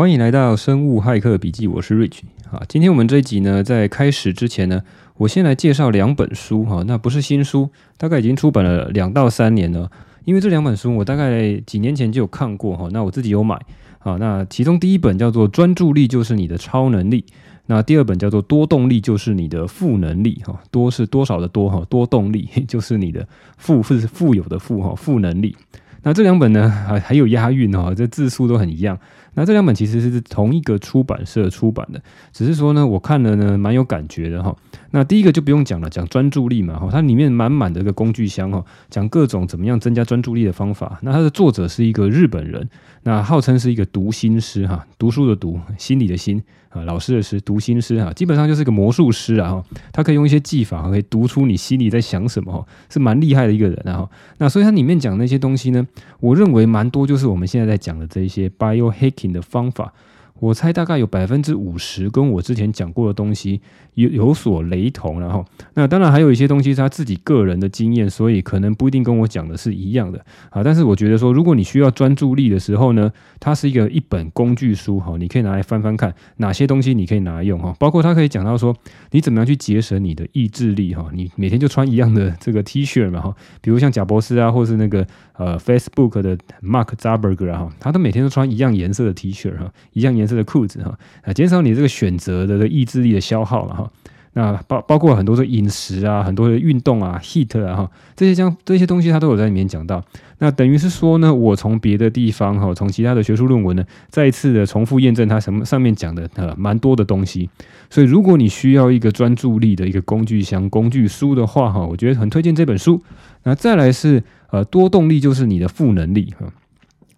歡迎來到生物駭客筆記，我是 Rich 啊。今天我們這一集呢，在開始之前呢，我先來介紹兩本書哈。那不是新書，大概已經出版了兩到三年了。因為這兩本書，我大概幾年前就有看過哈。那我自己有買啊。那其中第一本叫做《專注力就是你的超能力》，那第二本叫做《多動力就是你的負能力》哈。多是多少的多哈。多動力就是你的富是富有的富，哈。負能力。那這兩本呢，還還有押韻哦，這字數都很一樣。那這兩本其實是同一個出版社出版的，只是說呢，我看了呢，蠻有感覺的哈。那第一個就不用講了，講專注力嘛哈，它裡面滿滿的一個工具箱哈，講各種怎麼樣增加專注力的方法。那它的作者是一個日本人，那號稱是一個讀心師哈，讀書的讀，心理的心啊，老師的師讀心師哈，基本上就是一個魔術師啊，他可以用一些技法可以讀出你心裡在想什麼哈，是蠻厲害的一個人啊。那所以它裡面講那些東西呢，我認為蠻多就是我們現在在講的這一些 biohacking。品的方法，我猜大概有百分之五十跟我之前講過的東西有有所雷同，然後那當然還有一些東西是他自己個人的經驗，所以可能不一定跟我講的是一樣的啊。但是我覺得說，如果你需要專注力的時候呢，它是一個一本工具書哈，你可以拿來翻翻看哪些東西你可以拿來用哈，包括它可以講到說你怎麼樣去節省你的意志力哈，你每天就穿一樣的這個 T 恤嘛哈，比如像賈伯斯啊，或是那個。呃，Facebook 的 Mark Zuckerberg 哈，他都每天都穿一樣顏色的 T 恤哈，shirt，一樣顏色的褲子哈，啊，減少你的這個選擇的這個意志力的消耗了哈。那包包括很多的飲食啊，很多的運動啊，heat 啊哈，這些將這，這些東西他都有在裡面講到。那等於是說呢，我從別的地方哈，從其他的學術論文呢，再一次的重複驗證他什麼上面講的呃蠻多的東西。所以如果你需要一個專注力的一個工具箱、工具書的話哈，我覺得很推薦這本書。那再來是。呃，多動力就是你的富能力哈。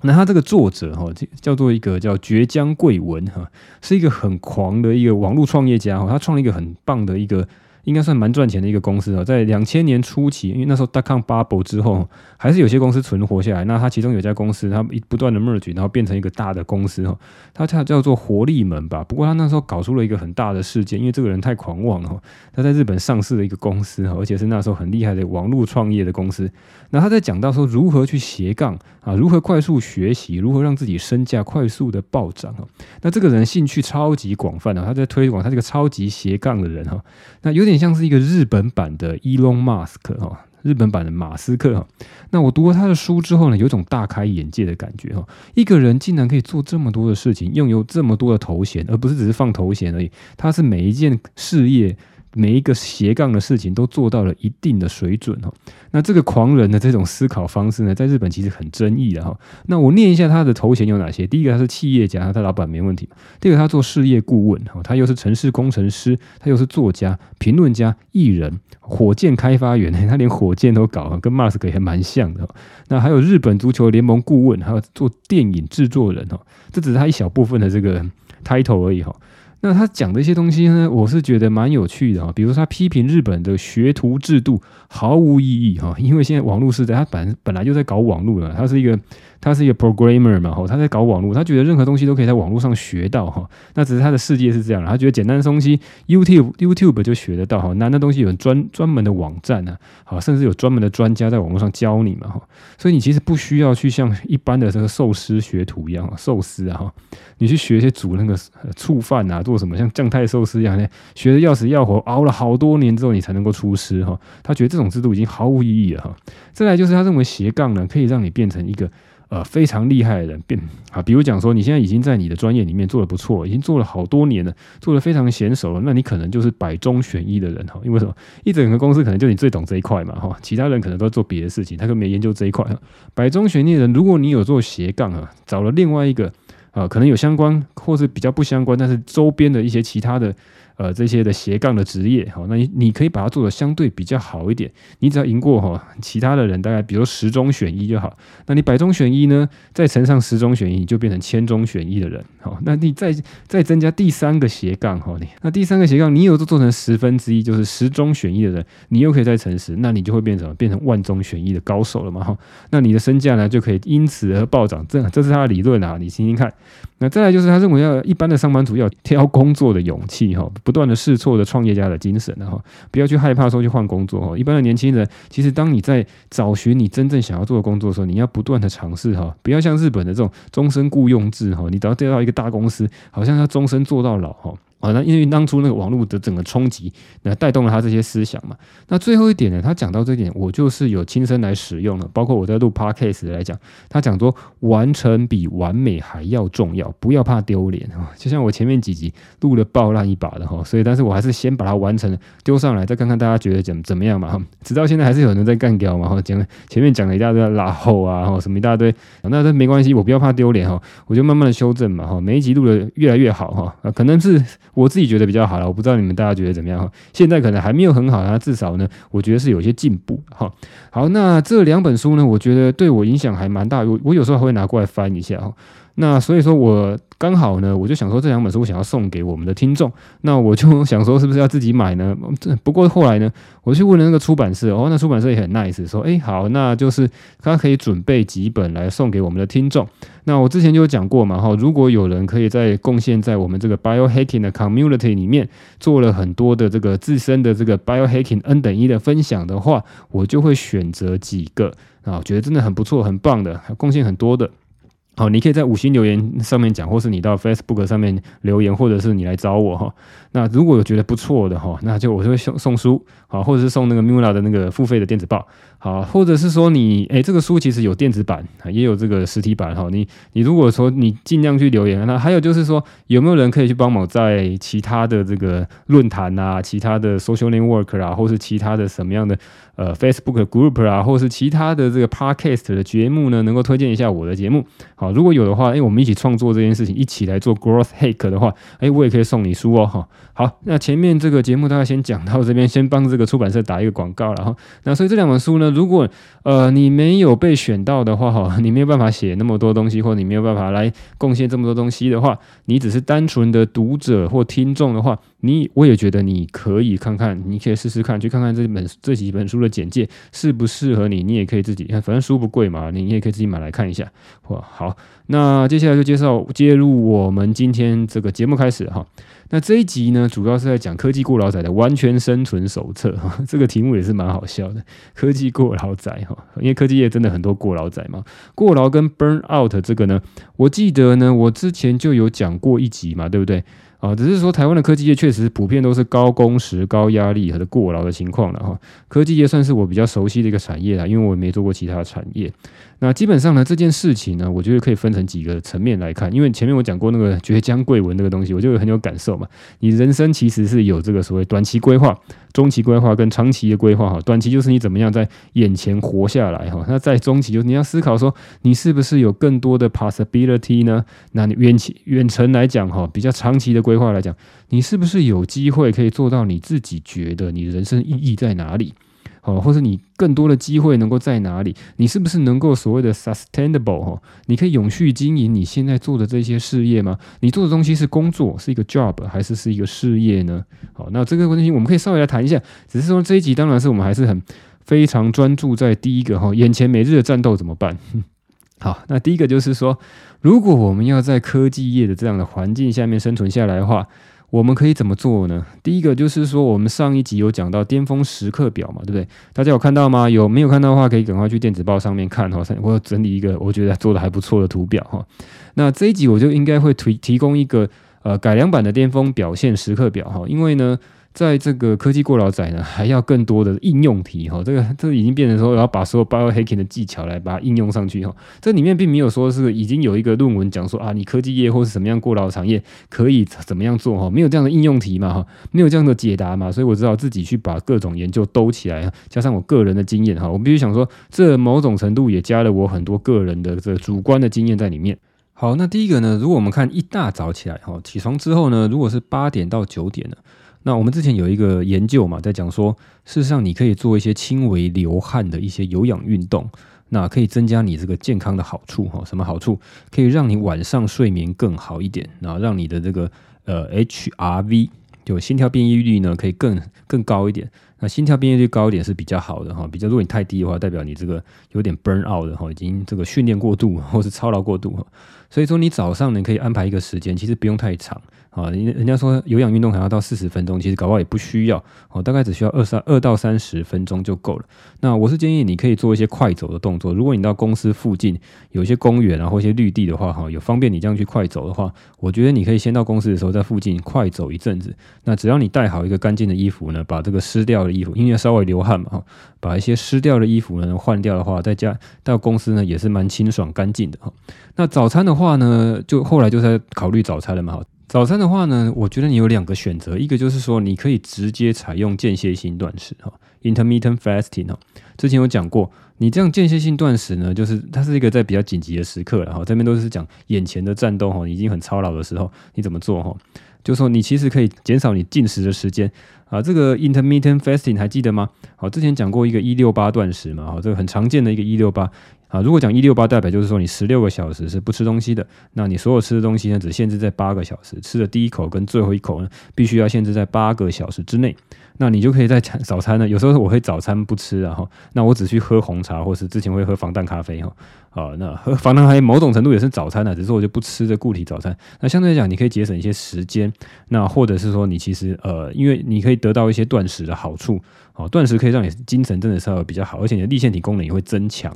那他這個作者哈，叫做一個叫崛江貴文哈，是一個很狂的一個網絡創業家哈，他創了一個很棒的一個，應該算蠻賺錢的一個公司哦，在2000年初期，因為那時候 dot-com bubble 之後，還是有些公司存活下來。那他其中有一家公司，他不斷的 merge，然後變成一個大的公司哦，它叫叫做活力門吧。不過他那時候搞出了一個很大的事件，因為這個人太狂妄了，他在日本上市了一個公司，而且是那時候很厲害的網絡創業的公司。那他在講到說如何去斜槓啊，如何快速學習，如何讓自己身價快速的暴漲哦。那這個人興趣超級廣泛哦，他在推廣他是一個超級斜槓的人哈。那有點。像是一個日本版的伊隆馬斯克哈，日本版的馬斯克哈。那我讀了他的書之後呢，有一種大開眼界的感覺哈。一個人竟然可以做這麼多的事情，擁有這麼多的頭銜，而不是只是放頭銜而已。他是每一件事業。每一個斜槓的事情都做到了一定的水準、哦、那這個狂人的這種思考方式呢，在日本其實很爭議的哈、哦。那我念一下他的頭銜有哪些：第一個他是企業家，他老板沒問題；第二個他做事業顧問哈，他又是程式工程師，他又是作家、評論家、藝人、火箭開發員，他連火箭都搞，跟馬斯克也蠻像的、哦。那還有日本足球聯盟顧問，還有做電影製作人哈、哦，這只是他一小部分的這個 title 而已哈、哦。那他講的一些東西呢，我是覺得蠻有趣的啊、哦。比如說他批評日本的學徒制度毫無意義啊、哦，因為現在網絡時代，他本本來就在搞網絡了，他是一個。他是一個 programmer 嘛，他在搞網絡，他覺得任何東西都可以在網絡上學到，哈，那只是他的世界是這樣，他覺得簡單的東西 YouTube YouTube 就學得到，哈，難的東西有專專門的網站呢，好，甚至有專門的專家在網絡上教你嘛，哈，所以你其實不需要去像一般的這個壽司學徒一樣，壽司啊，哈，你去學一些煮那個醋飯啊，做什麼像將太壽司一樣學的要死要活，熬了好多年之後你才能夠出師，哈，他覺得這種制度已經毫無意義了，哈，再來就是他認為斜槓呢可以讓你變成一個。呃，非常厲害的人變啊，比如講說，你現在已經在你的專業裡面做得不錯，已經做了好多年了，做得非常嫻熟了，那你可能就是百中選一的人哈。因為什麼？一整個公司可能就你最懂這一塊嘛哈，其他人可能都在做別的事情，他都沒研究這一塊。百中選一的人，如果你有做斜槓啊，找了另外一個啊，呃，可能有相關，或是比較不相關，但是周邊的一些其他的。呃，這些的斜槓的職業，好，那你可以把它做得相對比較好一點。你只要贏過哈，其他的人大概比如十中選一就好。那你百中選一呢，再乘上十中選一，你就變成千中選一的人。好，那你再再增加第三個斜槓哈，你那第三個斜槓，你有做做成十分之一，就是十中選一的人，你又可以再乘十，那你就會變成變成萬中選一的高手了嘛。哈，那你的身價呢就可以因此而暴漲。這這是他的理論啊，你聽聽看。那再來就是他認為要一般的上班族要挑工作的勇氣哈。不斷的試錯的創業家的精神，哈，不要去害怕說去換工作，哈。一般的年輕人，其實當你在找尋你真正想要做的工作的時候，你要不斷的嘗試，哈。不要像日本的這種終身僱傭制，哈。你只要進到一個大公司，好像要終身做到老，哈。哦，那、啊、因為當初那個網絡的整個衝擊，那帶動了他這些思想嘛。那最後一點呢，他講到這一點，我就是有親身來使用了。包括我在錄 podcast 來講，他講說，完成比完美還要重要，不要怕丟臉啊。就像我前面幾集錄了爆爛一把的哈，所以但是我還是先把它完成了，丟上來，再看看大家覺得怎怎麼樣嘛。直到現在還是有人在幹掉嘛，講前面講了一大堆拉後啊，什麼一大堆，那這沒關係，我不要怕丟臉哈，我就慢慢的修正嘛，哈，每一集錄的越來越好哈、啊，可能是。我自己覺得比較好了，我不知道你們大家覺得怎麼樣。現在可能還沒有很好，啊，但至少呢，我覺得是有些進步哈。好，好，那這兩本書呢，我覺得對我影響還蠻大，我我有時候還會拿過來翻一下哈。那所以說，我剛好呢，我就想說這兩本書我想要送給我們的聽眾。那我就想說，是不是要自己買呢？不過後來呢，我去問了那個出版社，哦，那出版社也很 nice，說，哎，好，那就是他可以準備幾本來送給我們的聽眾。那我之前就有講過嘛，哈，如果有人可以在貢獻在我們這個 biohacking 的 community 裡面做了很多的這個自身的這個 biohacking N 等一的分享的話，我就會選擇幾個啊，覺得真的很不錯、很棒的，貢獻很多的。好，你可以在五星留言上面講，或是你到 Facebook 上面留言，或者是你來找我哈。那如果有覺得不錯的哈，那就我就會送送書，好，或者是送那個 Mula 的那個付費的電子報。好，或者是說你哎、欸，這個書其實有電子版，也有這個實體版哈。你你如果說你盡量去留言，那還有就是說有沒有人可以去幫忙在其他的這個論壇啊、其他的 social network 啊，或是其他的什麼樣的呃 Facebook group 啊，或是其他的這個 podcast 的節目呢，能夠推薦一下我的節目？好，如果有的話，哎、欸，我們一起創作這件事情，一起來做 growth hack 的話，哎、欸，我也可以送你書哦。好，那前面這個節目大概先講到這邊，先幫這個出版社打一個廣告，然後那所以這兩本書呢。如果呃，你沒有被選到的話哈，你沒有辦法寫那麼多東西，或者你沒有辦法來貢獻這麼多東西的話，你只是單純的讀者或聽眾的話，你我也覺得你可以看看，你可以試試看，去看看這本這幾本書的簡介適不適合你，你也可以自己，反正書不貴嘛，你也可以自己買來看一下。哇，好，那接下來就介紹，介入我們今天這個節目開始哈。那這一集呢，主要是在講科技過勞仔的完全生存手冊，這個題目也是蠻好笑的。科技過勞仔哈，因為科技業真的很多過勞仔嘛，過勞跟 burn out 這個呢，我記得呢，我之前就有講過一集嘛，對不對？啊，只是說台灣的科技業確實普遍都是高工時、高壓力和過勞的情況了哈。科技業算是我比較熟悉的一個產業啦，因為我沒做過其他產業。那基本上呢，這件事情呢，我覺得可以分成幾個層面來看，因為前面我講過那個“崛江貴文”那個東西，我就很有感受嘛。你人生其實是有這個所謂短期規劃、中期規劃跟長期的規劃哈。短期就是你怎麼樣在眼前活下來哈。那在中期，就是你要思考說，你是不是有更多的 possibility 呢？那你遠期、遠程來講哈，比較長期的規劃來講，你是不是有機會可以做到你自己覺得你人生意義在哪裡？哦，或是你更多的機會能夠在哪裡？你是不是能夠所謂的 sustainable？你可以永續經營你現在做的這些事業嗎？你做的東西是工作，是一個 job，還是是一個事業呢？好，那這個問題我們可以稍微來談一下。只是說，這一集當然是我們還是很非常專注在第一個哈，眼前每日的戰鬥怎麼辦？嗯。好，那第一個就是說，如果我們要在科技業的這樣的環境下面生存下來的話，我們可以怎麼做呢？第一個就是說，我們上一集有講到巔峰時刻表嘛，對不對？大家有看到嗎？有沒有看到的話，可以趕快去電子報上面看哦。我整理一個我覺得做的還不錯的圖表哈。那這一集我就應該會提提供一個呃改良版的巔峰表現時刻表哈，因為呢。在這個科技過勞仔呢，還要更多的應用題哈、哦，這個這已經變成說，我要把所有 Biohacking 的技巧來把它應用上去哈、哦，這裡面並沒有說是已經有一個論文講說啊，你科技業或是怎麼樣過勞的產業可以怎麼樣做哈、哦，沒有這樣的應用題嘛哈、哦，沒有這樣的解答嘛，所以我只好自己去把各種研究兜起來，加上我個人的經驗哈、哦，我必須想說，這某種程度也加了我很多個人的這個主觀的經驗在裡面。好，那第一個呢，如果我們看一大早起來哈，起床之後呢，如果是八點到九點呢。那我們之前有一個研究嘛，在講說，事實上你可以做一些輕微流汗的一些有氧運動，那可以增加你這個健康的好處哈。什麼好處？可以讓你晚上睡眠更好一點，然後讓你的這個呃 HRV，就心跳變異率呢，可以更更高一點。那心跳變異率高一點是比較好的哈，比較如果你太低的話，代表你這個有點 burn out 的哈，已經這個訓練過度或是操勞過度。所以說你早上呢可以安排一個時間，其實不用太長啊。人家人家說有氧運動還要到四十分鐘，其實搞不好也不需要哦，大概只需要二、二到三十分鐘就夠了。那我是建議你可以做一些快走的動作。如果你到公司附近有一些公園啊或一些綠地的話哈，有方便你這樣去快走的話，我覺得你可以先到公司的時候在附近快走一陣子。那只要你帶好一個乾淨的衣服呢，把這個濕掉。衣服，因為稍微流汗嘛哈，把一些濕掉的衣服呢換掉的話，在家到公司呢也是蠻清爽乾淨的哈。那早餐的話呢，就後來就在考慮早餐了嘛哈。早餐的話呢，我覺得你有兩個選擇，一個就是說你可以直接採用間歇性斷食哈 （Intermittent Fasting） 哈。之前有講過，你這樣間歇性斷食呢，就是它是一個在比較緊急的時刻哈。這邊都是講眼前的戰鬥哈，已經很操勞的時候，你怎麼做哈？就是說你其實可以減少你進食的時間啊，這個 intermittent fasting 還記得嗎？好，之前講過一個一六八斷食嘛，好，這個很常見的一個一六八。啊，如果講一六八，代表就是說你十六個小時是不吃東西的，那你所有吃的東西呢，只限制在八個小時，吃的第一口跟最後一口呢，必須要限制在八個小時之內。那你就可以在早餐呢，有時候我會早餐不吃，啊，然，哦，後那我只去喝紅茶，或是之前會喝防彈咖啡哈。啊，哦，那喝防彈咖啡某種程度也是早餐了，啊，只是說我就不吃這固體早餐。那相對來講，你可以節省一些時間，那或者是說你其實呃，因為你可以得到一些斷食的好處。哦，斷食可以讓你精神真的稍微比較好，而且你的粒線體功能也會增強。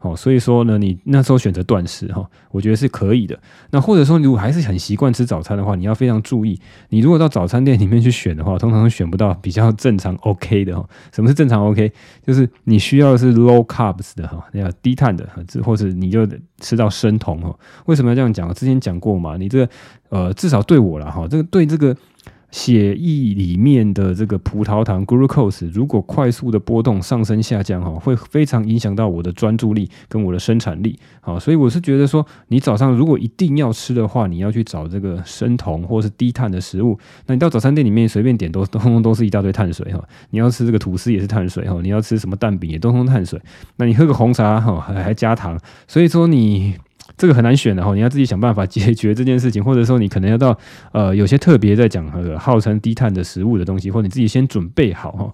哦，所以說呢，你那時候選擇斷食哈，我覺得是可以的。那或者說你如果還是很習慣吃早餐的話，你要非常注意。你如果到早餐店裡面去選的話，通常都選不到比較正常 OK 的哈。什麼是正常 OK？就是你需要的是 low carbs 的哈，要低碳的，或者你就吃到生酮哦。為什麼要這樣講？我之前講過嘛，你這個呃，至少對我啦，哈，這個對這個。血液裡面的這個葡萄糖 glucose 如果快速的波動上升下降哈，會非常影響到我的專注力跟我的生產力。好，所以我是覺得說，你早上如果一定要吃的話，你要去找這個生酮或是低碳的食物。那你到早餐店裡面隨便點都通通都是一大堆碳水哈。你要吃這個吐司也是碳水哈，你要吃什麼蛋餅也都是碳水。那你喝個紅茶哈還還加糖，所以說你。這個很難選的哈，你要自己想辦法解決這件事情，或者說你可能要到呃有些特別在講那個、呃、號稱低碳的食物的東西，或者你自己先準備好哈。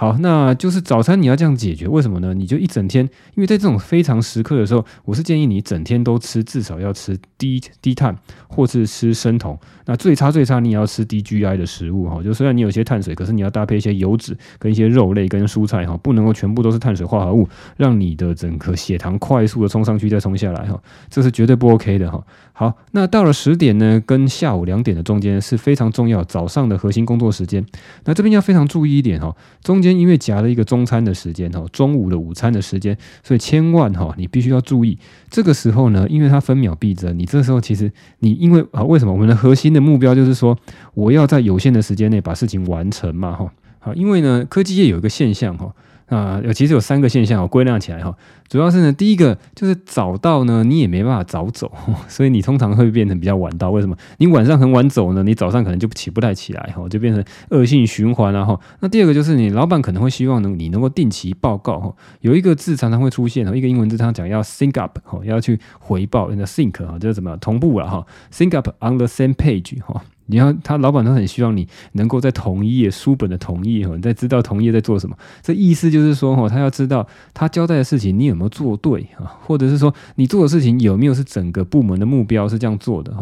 好，那就是早餐你要這樣解決，為什麼呢？你就一整天，因為在這種非常時刻的時候，我是建議你整天都吃，至少要吃低低碳，或是吃生酮。那最差最差，你也要吃低 GI 的食物哈。就雖然你有些碳水，可是你要搭配一些油脂跟一些肉類跟蔬菜哈，不能夠全部都是碳水化合物，讓你的整個血糖快速的衝上去再衝下來哈，這是絕對不 OK 的哈。好，那到了十點呢，跟下午兩點的中間是非常重要，早上的核心工作時間。那這邊要非常注意一點哈，中間因為夾了一個中餐的時間哈，中午的午餐的時間，所以千萬哈，你必須要注意。這個時候呢，因為它分秒必爭，你這時候其實你因為啊，為什麼我們的核心的目標就是說，我要在有限的時間內把事情完成嘛哈。好，因為呢，科技業有一個現象哈。啊，有其實有三個現象哦，歸納起來哈，主要是呢，第一個就是早到呢，你也沒辦法早走，所以你通常會變成比較晚到。為什麼？你晚上很晚走呢？你早上可能就起不太起來哈，就變成惡性循環了哈。那第二個就是你老板可能會希望能你能夠定期報告哈，有一個字常常會出現，一個英文字常常講要 sync up 哈，要去回報，the sync 哈，think, 就是怎麼同步了哈，sync up on the same page 哈。你要他老板都很希望你能夠在同一頁書本的同一頁你在知道同一頁在做什麼，這意思就是說他要知道他交代的事情你有沒有做對啊，或者是說你做的事情有沒有是整個部門的目標是這樣做的，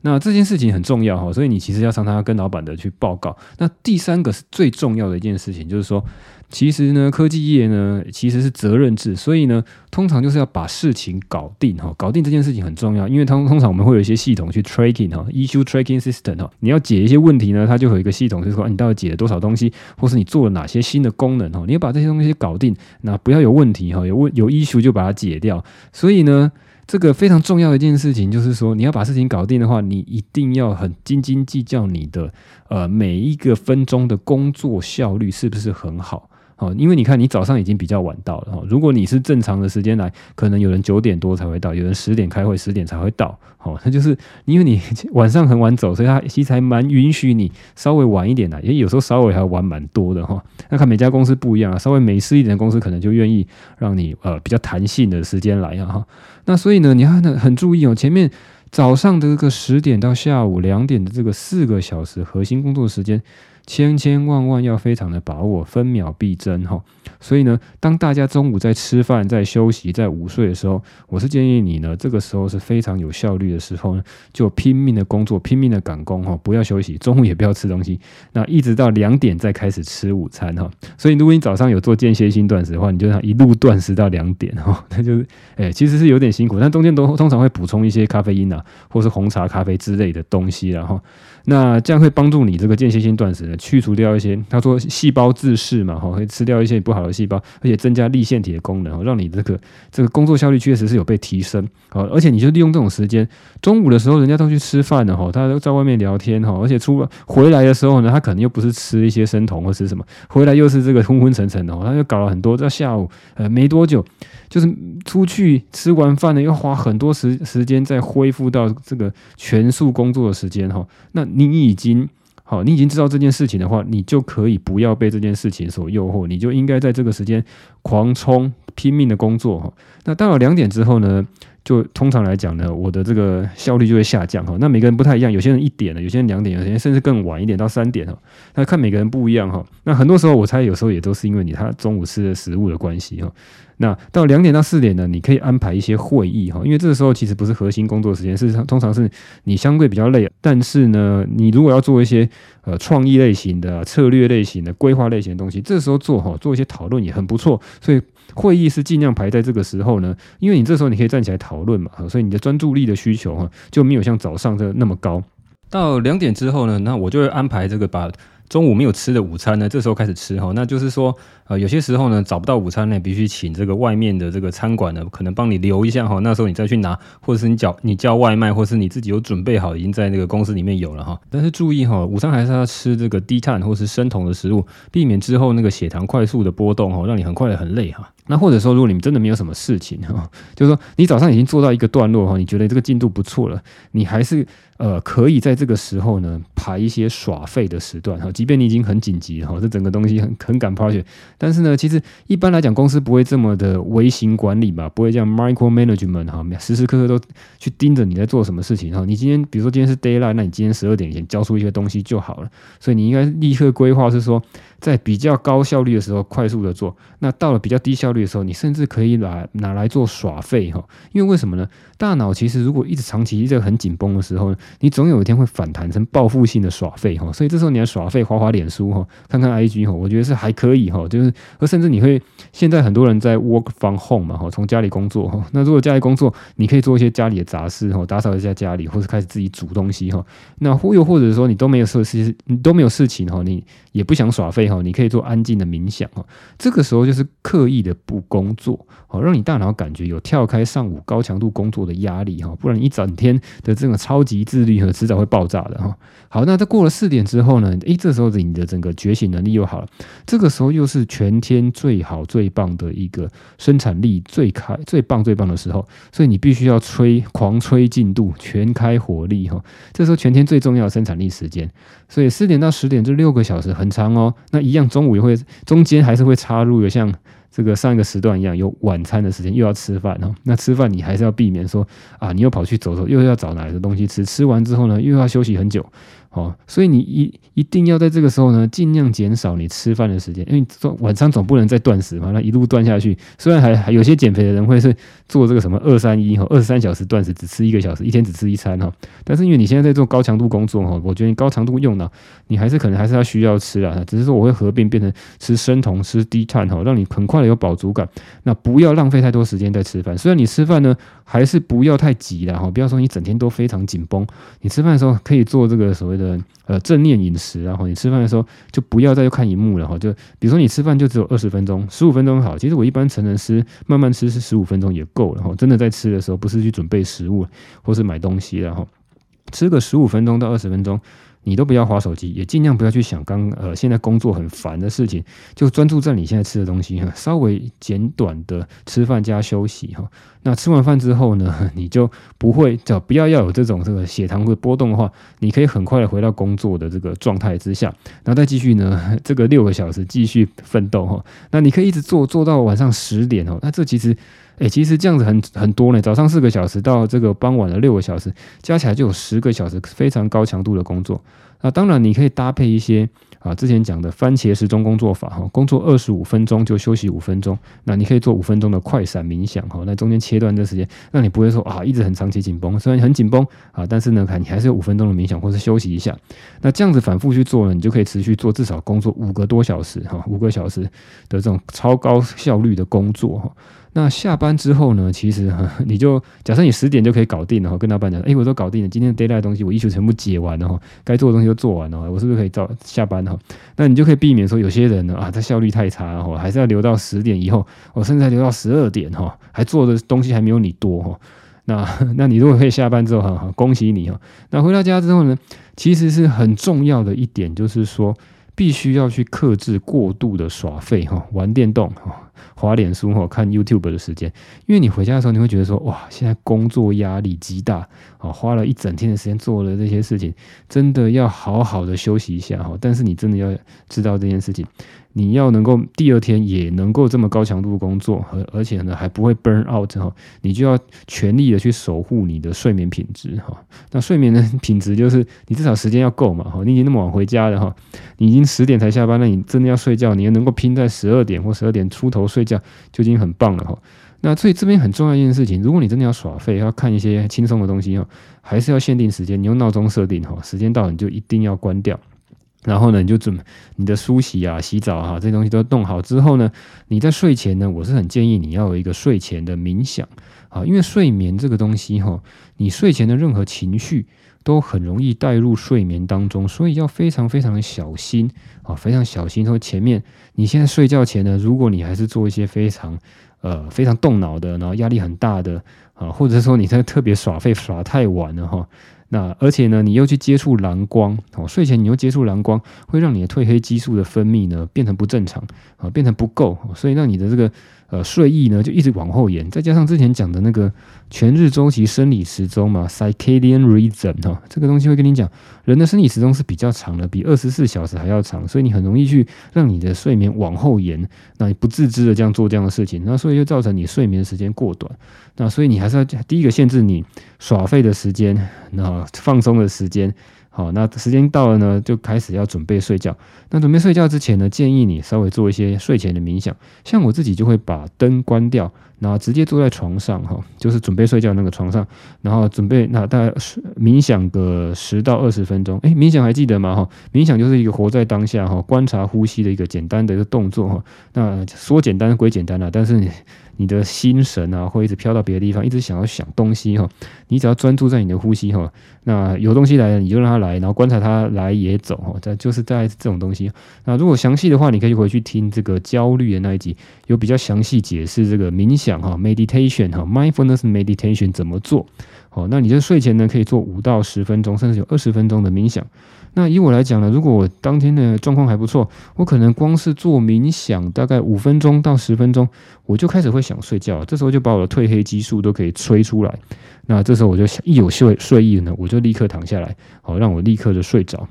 那這件事情很重要，所以你其實要常常要跟老板的去報告。那第三個是最重要的一件事情，就是說。其實呢，科技業呢，其實是責任制，所以呢，通常就是要把事情搞定哈。搞定這件事情很重要，因為通通常我們會有一些系統去 tracking 哈，issue tracking system 哈。你要解一些問題呢，它就有一個系統，就是說、哎、你到底解了多少東西，或是你做了哪些新的功能哈。你要把這些東西搞定，那不要有問題哈。有問有 issue 就把它解掉。所以呢，這個非常重要的一件事情就是說，你要把事情搞定的話，你一定要很斤斤計較你的呃每一個分鐘的工作效率是不是很好。哦，因為你看，你早上已經比較晚到了哈。如果你是正常的時間來，可能有人九點多才會到，有人十點開會，十點才會到。好，那就是因為你晚上很晚走，所以他其實還蠻允許你稍微晚一點來。也有時候稍微還晚蠻多的哈。那看每家公司不一樣啊，稍微美式一點的公司可能就願意讓你呃比較彈性的時間來哈。那所以呢，你要很很注意哦。前面早上的這個十點到下午兩點的這個四個小時核心工作時間。千千萬萬要非常的把握，分秒必爭，哈。所以呢，當大家中午在吃飯、在休息、在午睡的時候，我是建議你呢，這個時候是非常有效率的時候呢，就拼命的工作、拼命的趕工哈，不要休息，中午也不要吃東西。那一直到兩點再開始吃午餐哈。所以如果你早上有做間歇性斷食的話，你就像一路斷食到兩點哈，那就是哎、欸，其實是有點辛苦，但中間都通常會補充一些咖啡因啊，或是紅茶、咖啡之類的東西，了哈，那這樣會幫助你這個間歇性斷食呢，去除掉一些，他說細胞自噬嘛，哈，會吃掉一些不好的。細胞，而且增加粒線體的功能哦，讓你這個這個工作效率確實是有被提升哦。而且你就利用這種時間，中午的時候人家都去吃飯了哈，大家都在外面聊天哈，而且出了回來的時候呢，他可能又不是吃一些生酮或吃什麼，回來又是這個昏昏沉沉的，他就搞了很多到下午呃沒多久，就是出去吃完飯呢，又花很多時時間再恢復到這個全速工作的時間哈、哦，那你已經。好，你已經知道這件事情的話，你就可以不要被這件事情所誘惑，你就應該在這個時間狂衝拼命的工作哈。那到了兩點之後呢？就通常來講呢，我的這個效率就會下降哈。那每個人不太一樣，有些人一點呢，有些人兩點，有些人甚至更晚一點到三點哈，那看每個人不一樣哈。那很多時候我猜有時候也都是因為你他中午吃的食物的關係哈。那到兩點到四點呢，你可以安排一些會議哈，因為這個時候其實不是核心工作時間，是通常是你相對比較累，但是呢，你如果要做一些呃創意類型的、策略類型的、規劃類型的東西，這時候做哈，做一些討論也很不錯。所以。會議是盡量排在這個時候呢，因為你這時候你可以站起來討論嘛，所以你的專注力的需求哈、啊、就沒有像早上這那麼高。到兩點之後呢，那我就會安排這個把中午沒有吃的午餐呢，這時候開始吃哈，那就是說。啊，有些時候呢，找不到午餐呢，必須請這個外面的這個餐館呢，可能幫你留一下哈，那時候你再去拿，或者是你叫你叫外賣，或者是你自己有準備好，已經在那個公司裡面有了哈。但是注意哈，午餐還是要吃這個低碳或是生酮的食物，避免之後那個血糖快速的波動哈，讓你很快的很累哈。那或者說，如果你真的沒有什麼事情哈，就是說你早上已經做到一個段落哈，你覺得這個進度不錯了，你還是呃可以在這個時候呢排一些耍廢的時段哈，即便你已經很緊急哈，這整個東西很很趕 project 但是呢，其實一般來講，公司不會這麼的微型管理嘛，不會這樣 micro management 哈，時時刻刻都去盯着你在做什麼事情哈。你今天比如說今天是 deadline，那你今天十二點以前交出一些東西就好了。所以你應該立刻規劃是說。在比較高效率的時候，快速的做。那到了比較低效率的時候，你甚至可以拿拿來做耍廢哈。因為為什麼呢？大腦其實如果一直長期一直很緊繃的時候，你總有一天會反彈成報復性的耍廢哈。所以這時候你要耍廢，滑滑臉書哈，看看 IG 哈，我覺得是還可以哈。就是，而甚至你會，現在很多人在 work from home 嘛哈，從家裡工作哈。那如果家裡工作，你可以做一些家裡的雜事哈，打掃一下家裡，或者開始自己煮東西哈。那或又或者說你都沒有設施，你都沒有事情哈，你也不想耍廢哦，你可以做安靜的冥想哦。這個時候就是刻意的不工作，哦，讓你大腦感覺有跳開上午高強度工作的壓力哈。不然你一整天的這種超級自律和遲早會爆炸的哈。好，那這過了四點之後呢？哎，這時候你的整個覺醒能力又好了。這個時候又是全天最好最棒的一個生產力最開最棒最棒的時候。所以你必須要催狂催進度，全開火力哈。這時候全天最重要的生產力時間。所以四點到十點這六個小時很長哦。那一樣，中午也會中間還是會插入有像這個上一個時段一樣有晚餐的時間，又要吃飯。然後，那吃飯你還是要避免說啊，你又跑去走走，又要找哪來東西吃。吃完之後呢，又要休息很久。哦，所以你一一定要在這個時候呢，盡量減少你吃飯的時間，因為晚上總不能再斷食嘛。那一路斷下去，雖然還還有些減肥的人會是做這個什麼二三一哈，二十三小時斷食，只吃一個小時，一天只吃一餐哈。但是因為你現在在做高強度工作哈，我覺得你高強度用腦，你還是可能還是要需要吃啦。只是說我會合併變成吃生酮、吃低碳哈，讓你很快的有飽足感。那不要浪費太多時間在吃飯。雖然你吃飯呢，還是不要太急的哈，不要說你整天都非常緊繃。你吃飯的時候可以做這個所謂的。呃呃，正念飲食啊，然後你吃飯的時候就不要再去看熒幕了哈。就比如說你吃飯就只有二十分鐘，十五分鐘好。其實我一般成人吃，慢慢吃是十五分鐘也夠了。然後真的在吃的時候，不是去準備食物或是買東西，然後吃個十五分鐘到二十分鐘。你都不要滑手機，也盡量不要去想剛呃現在工作很煩的事情，就專注在你現在吃的東西哈。稍微簡短的吃飯加休息哈、哦。那吃完飯之後呢，你就不會叫不要要有這種這個血糖會波動的話，你可以很快的回到工作的這個狀態之下，然後再繼續呢這個六個小時繼續奮鬥哈、哦。那你可以一直做做到晚上十點哦。那這其實。誒、欸，其實這樣子很很多呢。早上四個小時到這個傍晚的六個小時，加起來就有十個小時，非常高強度的工作。那當然你可以搭配一些啊，之前講的番茄時鐘工作法哈，工作二十五分鐘就休息五分鐘。那你可以做五分鐘的快閃冥想哈，那中間切斷這時間，那你不會說啊一直很長期緊繃，雖然很緊繃啊，但是呢，看你還是有五分鐘的冥想或是休息一下。那這樣子反覆去做呢，你就可以持續做至少工作五個多小時哈，五個小時的這種超高效率的工作哈。那下班之後呢，其實你就假設你十點就可以搞定了哈，跟老闆講，哎、欸，我都搞定了，今天的 deadline 東西我一宿全部解完了，後該做的東西都做完了，我是不是可以早下班哈。那你就可以避免說有些人呢啊，他效率太差哈，還是要留到十點以後，我甚至還留到十二點哈，還做的東西還沒有你多哈。那那你如果可以下班之後，哈，恭喜你哦。那回到家之後呢，其實是很重要的一點，就是說必須要去克制過度的耍廢哈，玩電動哈。滑臉書哦，看 YouTube 的時間，因為你回家的時候，你會覺得說哇，現在工作壓力極大哦，花了一整天的時間做了這些事情，真的要好好的休息一下哈。但是你真的要知道這件事情，你要能夠第二天也能夠這麼高強度工作，而且呢還不會 burn out 哈，你就要全力的去守護你的睡眠品質哈。那睡眠的品質就是你至少時間要夠嘛哈，你已經那麼晚回家了哈，你已經十點才下班了，那你真的要睡覺，你也能夠拼在十二點或十二點出頭。睡覺就已經很棒了哈、哦。那所以這邊很重要一件事情，如果你真的要耍廢，要看一些輕鬆的東西、哦，還是要限定時間。你用鬧鐘設定、哦，時間到了你就一定要關掉。然後呢，你就準你的梳洗啊、洗澡啊，這些東西都弄好之後呢，你在睡前呢，我是很建議你要有一個睡前的冥想啊，因為睡眠這個東西哈、哦，你睡前的任何情緒。都很容易帶入睡眠當中，所以要非常非常的小心啊，非常小心。說前面你現在睡覺前呢，如果你還是做一些非常，呃，非常動腦的，然後壓力很大的啊，或者說你在特別耍廢耍太晚了哈。哦那而且呢，你又去接觸藍光，哦，睡前你又接觸藍光，會讓你的褪黑激素的分泌呢變成不正常，啊，哦，變成不夠，哦，所以讓你的這個呃睡意呢就一直往後延。再加上之前講的那個全日周期生理時鐘嘛 circadian rhythm 哈，這個東西會跟你講，人的生理時鐘是比較長的，比二十四小時還要長，所以你很容易去讓你的睡眠往後延。那你不自知的這樣做這樣的事情，那所以就造成你睡眠的時間過短。那所以你還是要第一個限制你耍廢的時間，那。放鬆的時間，好，那時間到了呢，就開始要準備睡覺。那準備睡覺之前呢，建議你稍微做一些睡前的冥想。像我自己就會把燈關掉，然後直接坐在床上，哈，就是準備睡覺那個床上，然後準備，那大概冥想個十到二十分鐘。哎，冥想還記得嗎？哈，冥想就是一個活在當下，哈，觀察呼吸的一個簡單的一個動作，哈。那說簡單歸簡單啊，但是你。你的心神啊，會一直飄到別的地方，一直想要想東西哈。你只要專注在你的呼吸哈，那有東西來了，你就讓它來，然後觀察它來也走哈。這就是在這種東西。那如果詳細的話，你可以回去聽這個焦慮的那一集，有比較詳細解釋這個冥想哈，meditation 哈，mindfulness meditation 怎麼做。好，那你在睡前呢，可以做五到十分鐘，甚至有二十分鐘的冥想。那以我來講呢，如果我當天的狀況還不錯，我可能光是做冥想，大概五分鐘到十分鐘，我就開始會想睡覺。這時候就把我的褪黑激素都可以吹出來。那這時候我就一有睡睡意呢，我就立刻躺下來，好讓我立刻就睡着。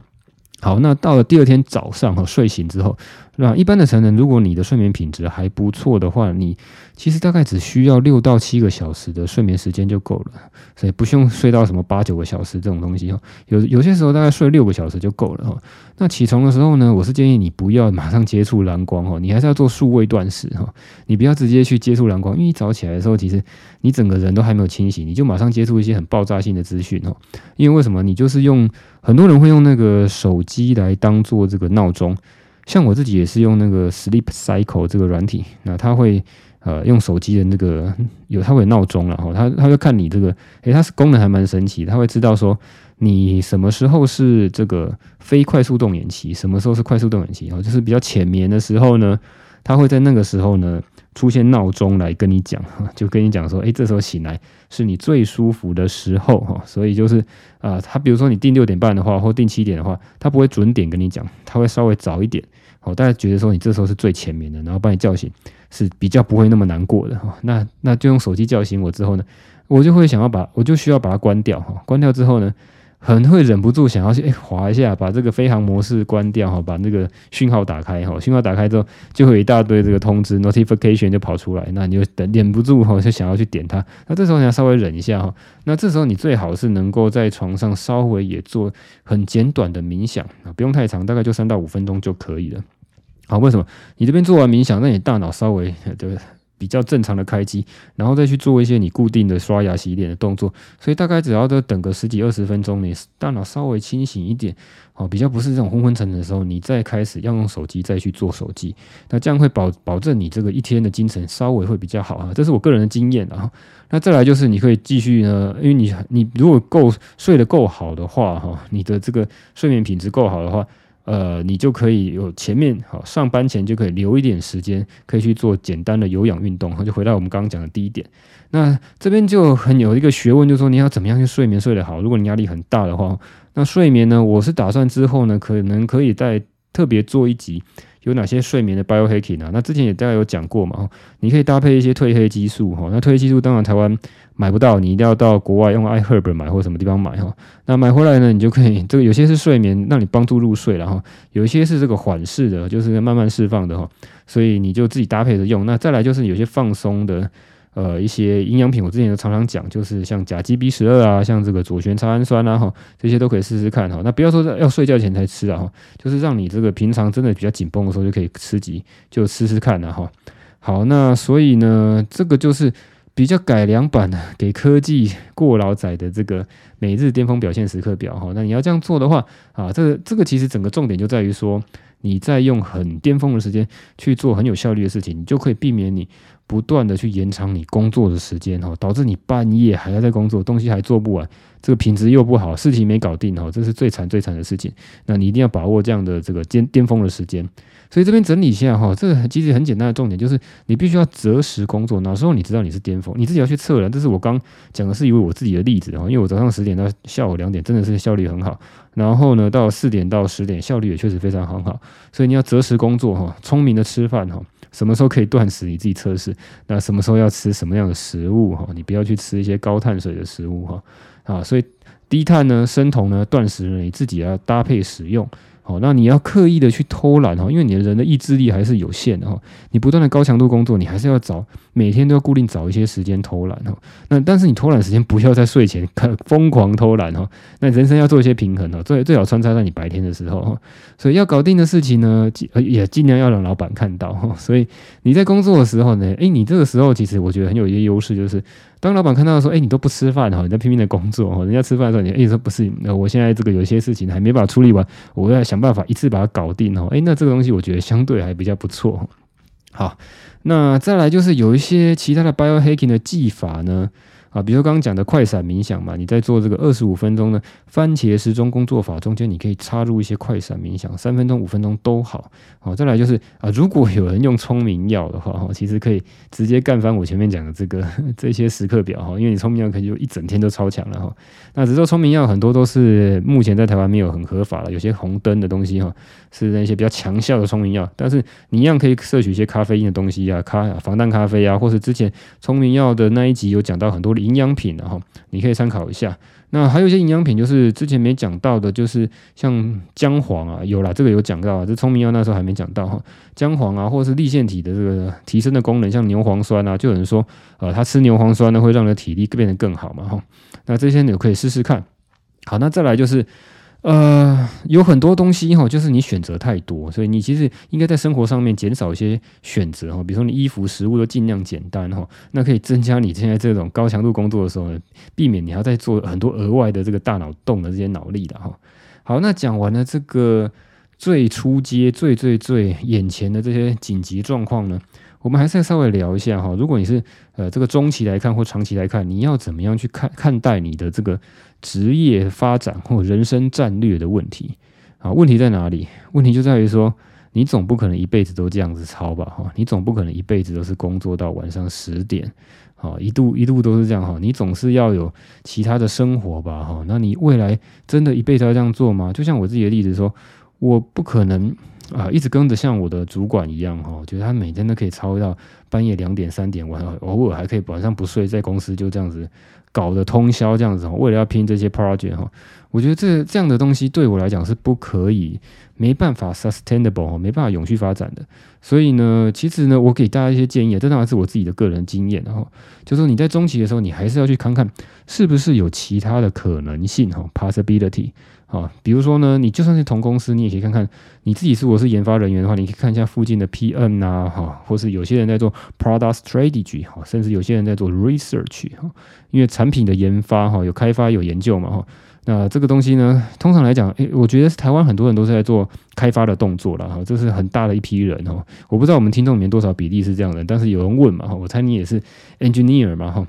好，那到了第二天早上哈，睡醒之後，那一般的成人，如果你的睡眠品質還不錯的話，你其實大概只需要六到七個小時的睡眠時間就夠了，所以不用睡到什麼八九個小時這種東西哈。有有些時候大概睡六個小時就夠了哈。那起床的時候呢，我是建議你不要馬上接觸藍光哈，你還是要做數位斷食哈，你不要直接去接觸藍光，因為一早起來的時候，其實你整個人都還沒有清醒，你就馬上接觸一些很爆炸性的資訊哦。因為為什麼？你就是用。很多人會用那個手機來當做這個鬧鐘，像我自己也是用那個 Sleep Cycle 這個軟體，那它會呃用手機的那個，有它會有鬧鐘，然後它它會看你這個，誒、欸，它是功能還蠻神奇，它會知道說你什麼時候是這個非快速動眼期，什麼時候是快速動眼期，然後就是比較淺眠的時候呢，它會在那個時候呢。出現鬧鐘來跟你講，就跟你講說，哎、欸，這時候醒來是你最舒服的時候哈，所以就是，啊、呃，他比如說你定六點半的話，或定七點的話，他不會準點跟你講，他會稍微早一點，好，大家覺得說你這時候是最淺眠的，然後把你叫醒是比較不會那麼難過的哈，那那就用手機叫醒我之後呢，我就會想要把，我就需要把它關掉哈，關掉之後呢。很會忍不住想要去欸、滑一下，把這個飛行模式關掉哈，把那個訊號打開哈。訊號打開之後，就會有一大堆這個通知 notification 就跑出來，那你就等忍不住哈，就想要去點它。那這時候你要稍微忍一下哈。那這時候你最好是能夠在床上稍微也做很簡短的冥想啊，不用太長，大概就三到五分鐘就可以了。好，為什麼？你這邊做完冥想，讓你大腦稍微對不對？比較正常的開機，然後再去做一些你固定的刷牙、洗臉的動作。所以大概只要都等個十幾二十分鐘，你大腦稍微清醒一點，哦，比較不是這種昏昏沉沉的時候，你再開始要用手機再去做手機。那這樣會保保證你這個一天的精神稍微會比較好啊，這是我個人的經驗啊。那再來就是你可以繼續呢，因為你你如果夠睡得夠好的話，哈，你的這個睡眠品質夠好的話。呃，你就可以有前面好上班前就可以留一點時間，可以去做簡單的有氧運動好。就回到我們剛剛講的第一點，那這邊就很有一個學問就是，就說你要怎麼樣去睡眠睡得好。如果你壓力很大的話，那睡眠呢，我是打算之後呢，可能可以再特別做一集。有哪些睡眠的 biohacking 呢、啊？那之前也大概有講過嘛，你可以搭配一些褪黑激素，哈，那褪黑激素當然台灣買不到，你一定要到國外用 iHerb 買或者什麼地方買，哈，那買回來呢，你就可以這個有些是睡眠讓你幫助入睡，然後有一些是這個緩釋的，就是慢慢釋放的，哈，所以你就自己搭配着用。那再來就是有些放鬆的。呃，一些營養品，我之前都常常講，就是像甲基 B 十二啊，像這個左旋茶氨酸啊，哈，這些都可以試試看哈。那不要說要睡覺前才吃啊，哈，就是讓你這個平常真的比較緊繃的時候就可以吃幾，就試試看呢，哈。好，那所以呢，這個就是比較改良版的給科技過勞仔的這個每日巔峰表現時刻表哈。那你要這樣做的話啊，這個這個其實整個重點就在於說，你在用很巔峰的時間去做很有效率的事情，你就可以避免你。不斷的去延長你工作的時間哈，導致你半夜還要在工作，東西還做不完，這個品質又不好，事情沒搞定哈，這是最慘最慘的事情。那你一定要把握這樣的這個巔巔峰的時間。所以這邊整理一下哈，這個其實很簡單的重點就是，你必須要擇時工作。哪時候你知道你是巔峰，你自己要去測量。這是我剛講的是以我自己的例子哈，因為我早上十點到下午兩點真的是效率很好，然後呢到四點到十點效率也確實非常很好，好。所以你要擇時工作哈，聰明的吃飯哈。什麼時候可以斷食？你自己測試。那什麼時候要吃什麼樣的食物？哈，你不要去吃一些高碳水的食物。哈，啊，所以低碳呢，生酮呢，斷食呢，你自己要搭配使用。好，那你要刻意的去偷懶哈，因為你的人的意志力還是有限的哈。你不斷的高強度工作，你還是要找每天都要固定找一些時間偷懶哦。那但是你偷懶時間不要在睡前看瘋狂偷懶哦。那人生要做一些平衡哦，最最好穿插在你白天的時候。所以要搞定的事情呢，也盡量要讓老闆看到哈。所以你在工作的時候呢，誒、欸，你這個時候其實我覺得很有一些優勢，就是。當老闆看到說，哎，你都不吃飯哈，你在拼命的工作哈，人家吃飯的時候你誒，你說不是，我現在這個有些事情還沒辦法處理完，我要想辦法一次把它搞定，哎，那這個東西我覺得相對還比較不錯。好，那再來就是有一些其他的 biohacking 的技法呢。啊，比如說剛剛講的快閃冥想嘛，你在做這個二十五分鐘的番茄時鐘工作法中間，你可以插入一些快閃冥想，三分鐘、五分鐘都好。好，再來就是啊，如果有人用聰明藥的話，哈，其實可以直接幹翻我前面講的這個這些時刻表哈，因為你聰明藥可以就一整天都超強了哈。那只是說聰明藥很多都是目前在台灣沒有很合法的，有些紅燈的東西哈。是那些比較強效的聰明藥，但是你一樣可以攝取一些咖啡因的東西呀、啊，咖防彈咖啡啊，或是之前聰明藥的那一集有講到很多的營養品的、啊、哈，你可以參考一下。那還有一些營養品，就是之前沒講到的，就是像薑黃啊，有啦，這個有講到啊，這聰明藥那時候還沒講到哈，薑黃啊，或是立腺體的這個提升的功能，像牛磺酸啊，就有人說呃，他吃牛磺酸呢，會讓你的體力變得更好嘛哈，那這些你可以試試看。好，那再來就是。呃，有很多東西哈、哦，就是你選擇太多，所以你其實應該在生活上面減少一些選擇哈、哦，比如說你衣服、食物都盡量簡單哈、哦，那可以增加你現在這種高強度工作的時候呢，避免你還要再做很多額外的這個大腦動的這些腦力的哈、哦。好，那講完了這個最初階、最最最眼前的這些緊急狀況呢，我們還是要稍微聊一下哈，如果你是呃這個中期來看或長期來看，你要怎麼樣去看看待你的這個職業發展或人生戰略的問題？啊，問題在哪裡？問題就在於說，你總不可能一輩子都這樣子操吧哈，你總不可能一輩子都是工作到晚上十點，哈，一度一度都是這樣哈，你總是要有其他的生活吧哈，那你未來真的一輩子要這樣做嗎？就像我自己的例子說，我不可能。啊，一直跟着像我的主管一樣哈、哦，覺得他每天都可以超到半夜兩點三點，我偶爾還可以晚上不睡，在公司就這樣子搞得通宵這樣子哈，為了要拼這些 project 哈、哦，我覺得這這樣的東西對我來講是不可以，沒辦法 sustainable，、哦、沒辦法永續發展的。所以呢，其實呢，我給大家一些建議，這當然是我自己的個人經驗哈、哦，就說、是、你在中期的時候，你還是要去看看是不是有其他的可能性哈、哦、，possibility。啊，比如說呢，你就算是同公司，你也可以看看你自己是我是研發人員的話，你可以看一下附近的 PM 啊，哈，或是有些人在做 product strategy，哈，甚至有些人在做 research，哈，因為產品的研發，哈，有開發有研究嘛，哈，那這個東西呢，通常來講，欸，我覺得是台灣很多人都是在做開發的動作啦，哈，這是很大的一批人，哈，我不知道我們聽眾裡面多少比例是這樣的，但是有人問嘛，哈，我猜你也是 engineer 嘛，哈。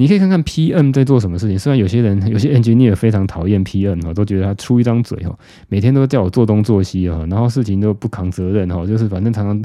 你可以看看 PM 在做什麼事情，雖然有些人有些 engineer 非常討厭 PM 哈，都覺得他出一張嘴哈，每天都叫我做東做西哈，然後事情都不扛責任哈，就是反正常常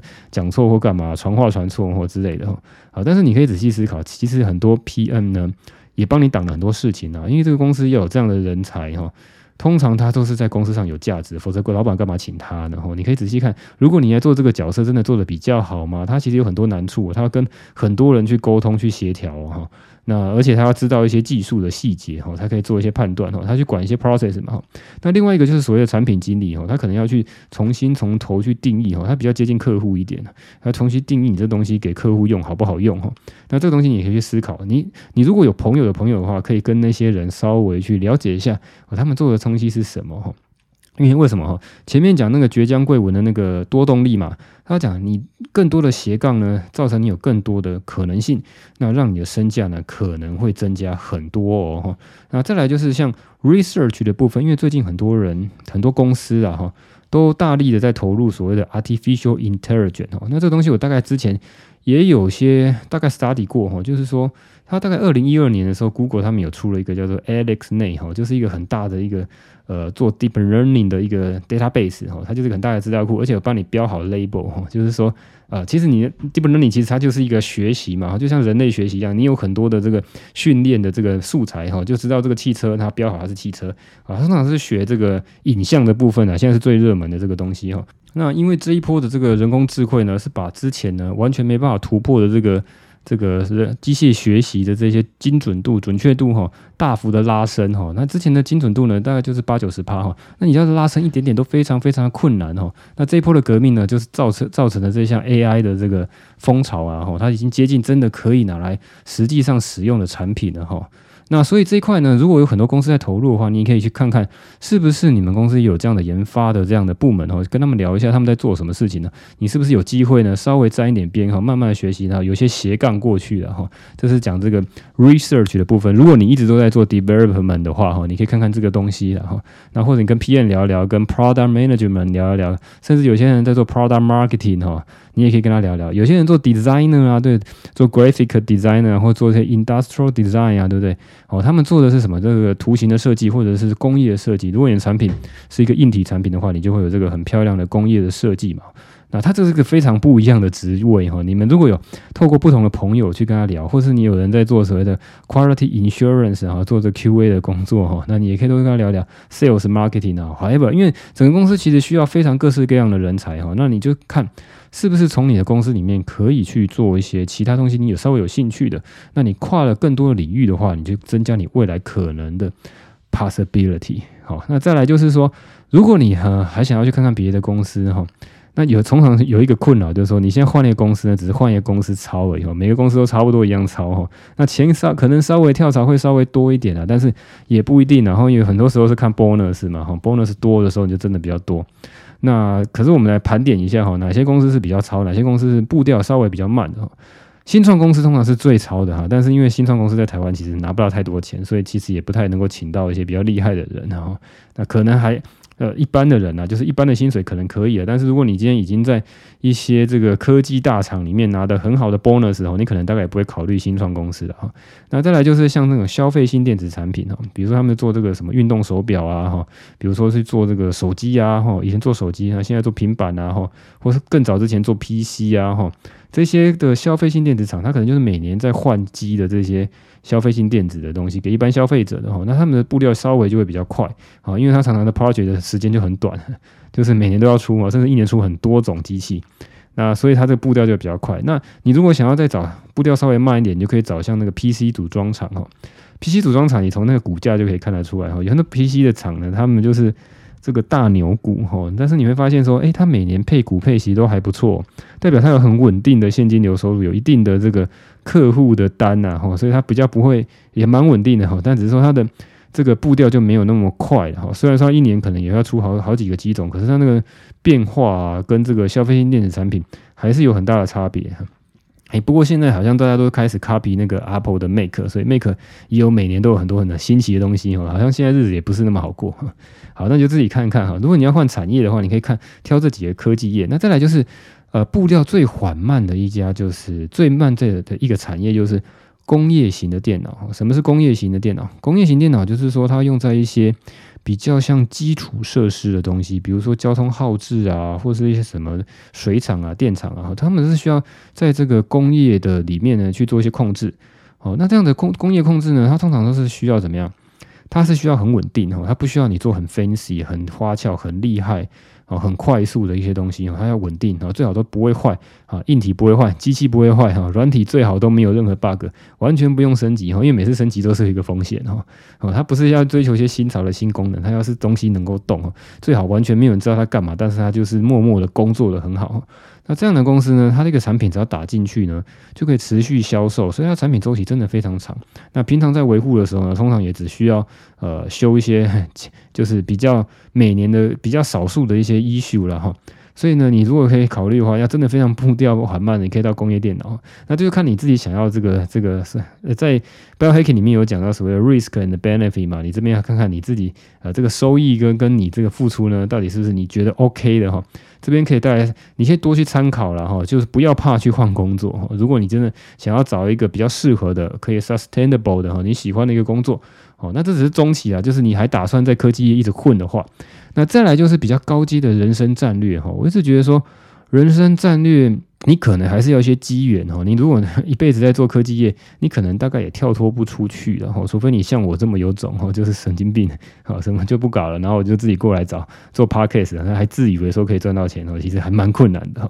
講錯或幹嘛傳話傳錯或之類的哈。啊，但是你可以仔細思考，其實很多 PM 呢也幫你擋了很多事情啊，因為這個公司要有這樣的人才哈。通常他都是在公司上有價值，否則老闆幹嘛請他呢？然後你可以仔細看，如果你來做這個角色，真的做得比較好嗎？他其實有很多難處，他要跟很多人去溝通去協調哈。那而且他要知道一些技術的細節哈，他可以做一些判斷哈，他去管一些 process 嘛哈。那另外一個就是所謂的產品經理哈，他可能要去重新從頭去定義哈，他比較接近客戶一點，他重新定義你這東西給客戶用好不好用哈。那這個東西你可以去思考，你你如果有朋友的朋友的話，可以跟那些人稍微去了解一下，他們做的，東西是什麼哈？因為為什麼哈？前面講那個崛江貴文的那個多動力嘛，他講你更多的斜槓呢，造成你有更多的可能性，那讓你的身價呢可能會增加很多哦。那再來就是像 research 的部分，因為最近很多人很多公司啊哈，都大力的在投入所謂的 artificial intelligence。那這個東西我大概之前也有些大概 study 過哈，就是說。它大概二零一二年的時候，Google 他們有出了一個叫做 AlexNet 哈，就是一個很大的一個呃做 Deep Learning 的一個 database 哈，它就是很大的資料庫，而且有幫你標好 label，、哦、就是說呃，其實你的 Deep Learning 其實它就是一個學習嘛，就像人類學習一樣，你有很多的這個訓練的這個素材哈、哦，就知道這個汽車它標好它是汽車啊，通常是學這個影像的部分、啊、現在是最熱門的這個東西哈、哦。那因為這一波的這個人工智慧呢，是把之前呢完全沒辦法突破的這個。這個是機械學習的這些精準度、準確度哈，大幅的拉升哈。那之前的精準度呢，大概就是八九十趴哈。那你要是拉升一點點都非常非常的困難哈。那這一波的革命呢，就是造成造成了這項 AI 的這個風潮啊哈，它已經接近真的可以拿來實際上使用的產品了哈。那所以這一塊呢，如果有很多公司在投入的話，你可以去看看是不是你們公司有這樣的研發的這樣的部門哈，跟他們聊一下他們在做什麼事情呢？你是不是有機會呢？稍微沾一點邊哈，慢慢學習呢。然後有些斜槓過去的哈，這是講這個 research 的部分。如果你一直都在做 development 的話哈，你可以看看這個東西然後，那或者你跟 PM 聊一聊，跟 product management 聊一聊，甚至有些人在做 product marketing 哈。你也可以跟他聊聊。有些人做 designer 啊，對，做 graphic designer 或者做一些 industrial design 啊，對不對？哦，他們做的是什麼？這個圖形的設計，或者是工業的設計。如果你的產品是一個硬體產品的話，你就會有這個很漂亮的工業的設計嘛。那它這是一個非常不一樣的職位哈、哦。你們如果有透過不同的朋友去跟他聊，或是你有人在做所謂的 quality insurance 啊，做這 QA 的工作哈、哦，那你也可以多跟他聊聊 sales marketing 啊，however，因為整個公司其實需要非常各式各樣的人才哈、哦。那你就看。是不是從你的公司裡面可以去做一些其他東西？你有稍微有興趣的，那你跨了更多的領域的話，你就增加你未來可能的 possibility。好，那再來就是說，如果你還、呃、還想要去看看別的公司哈，那有通常有一個困擾就是說，你現在換一個公司呢，只是換一個公司抄而已哈，每個公司都差不多一樣抄哈。那錢稍可能稍微跳槽會稍微多一點啊，但是也不一定。然後有很多時候是看 bonus 嘛哈，bonus 多的時候你就真的比較多。那可是我們來盤點一下哈，哪些公司是比較超，哪些公司是步調稍微比較慢的？新創公司通常是最超的哈，但是因為新創公司在台灣其實拿不到太多錢，所以其實也不太能夠請到一些比較厲害的人，那可能還。呃，一般的人呢、啊，就是一般的薪水可能可以了，但是如果你今天已經在一些這個科技大廠裡面拿得很好的 bonus 時候，你可能大概也不會考慮新創公司的哈。那再來就是像那種消費性電子產品，比如說他們做這個什麼運動手錶啊哈，比如說是做這個手機啊，哈，以前做手機啊，現在做平板啊，哈，或是更早之前做 PC 啊，哈。這些的消費性電子廠，它可能就是每年在換機的這些消費性電子的東西給一般消費者的哈，那他們的步調稍微就會比較快啊，因為它常常的 project 的時間就很短，就是每年都要出嘛，甚至一年出很多種機器，那所以它這個步調就比較快。那你如果想要再找步調稍微慢一點，你就可以找像那個 P C 組裝廠哈，P C 組裝廠你從那個股價就可以看得出來哈，有很多 P C 的廠呢，他們就是。這個大牛股哈，但是你會發現說，哎，它每年配股配息都還不錯，代表它有很穩定的現金流收入，有一定的這個客戶的單吶、啊、哈，所以它比較不會，也蠻穩定的哈。但只是說它的這個步調就沒有那麼快哈。雖然說它一年可能也要出好好幾個機種，可是它那個變化、啊、跟這個消費性電子產品還是有很大的差別。哎，不過現在好像大家都開始 copy 那個 Apple 的 Mac，所以 Mac 也有每年都有很多很多新奇的東西哈。好像現在日子也不是那麼好過，好，那就自己看看哈。如果你要換產業的話，你可以看挑這幾個科技業。那再來就是，呃，步調最緩慢的一家，就是最慢最的一個產業，就是工業型的電腦。什麼是工業型的電腦？工業型電腦就是說它用在一些。比較像基礎設施的東西，比如說交通號誌啊，或是一些什麼水廠啊、電廠啊，他們是需要在這個工業的裡面呢去做一些控制。哦，那這樣的工工業控制呢，它通常都是需要怎麼樣？它是需要很穩定哦，它不需要你做很 fancy、很花俏、很厲害。哦，很快速的一些東西，哦，它要穩定，哦，最好都不會壞，啊，硬體不會壞，機器不會壞，哈，軟體最好都沒有任何 bug，完全不用升級，哈，因為每次升級都是一個風險，哈，哦，它不是要追求一些新潮的新功能，它要是東西能夠動，哦，最好完全沒有人知道它幹嘛，但是它就是默默的工作得很好。那這樣的公司呢，它這個產品只要打進去呢，就可以持續銷售，所以它產品週期真的非常長。那平常在維護的時候呢，通常也只需要呃修一些，就是比較每年的比較少數的一些 issue 了哈。所以呢，你如果可以考慮的話，要真的非常步調緩慢的，你可以到工業電腦，那就是看你自己想要這個這個，是在 Biohacking 裡面有講到所謂的 risk and benefit 嘛，你這邊要看看你自己呃這個收益跟跟你這個付出呢，到底是不是你覺得 OK 的哈、哦？這邊可以帶來，你可以多去參考了哈、哦，就是不要怕去換工作、哦、如果你真的想要找一個比較適合的、可以 sustainable 的哈、哦、你喜歡的一個工作哦，那這只是中期啊，就是你還打算在科技業一直混的話。那再來就是比較高級的人生戰略，我一直覺得說，人生戰略，你可能還是要一些機緣。你如果一輩子在做科技業，你可能大概也跳脫不出去，除非你像我這麼有種，就是神經病，什麼就不搞了，然後我就自己過來找做 podcast，還自以為說可以賺到錢，其實還蠻困難的。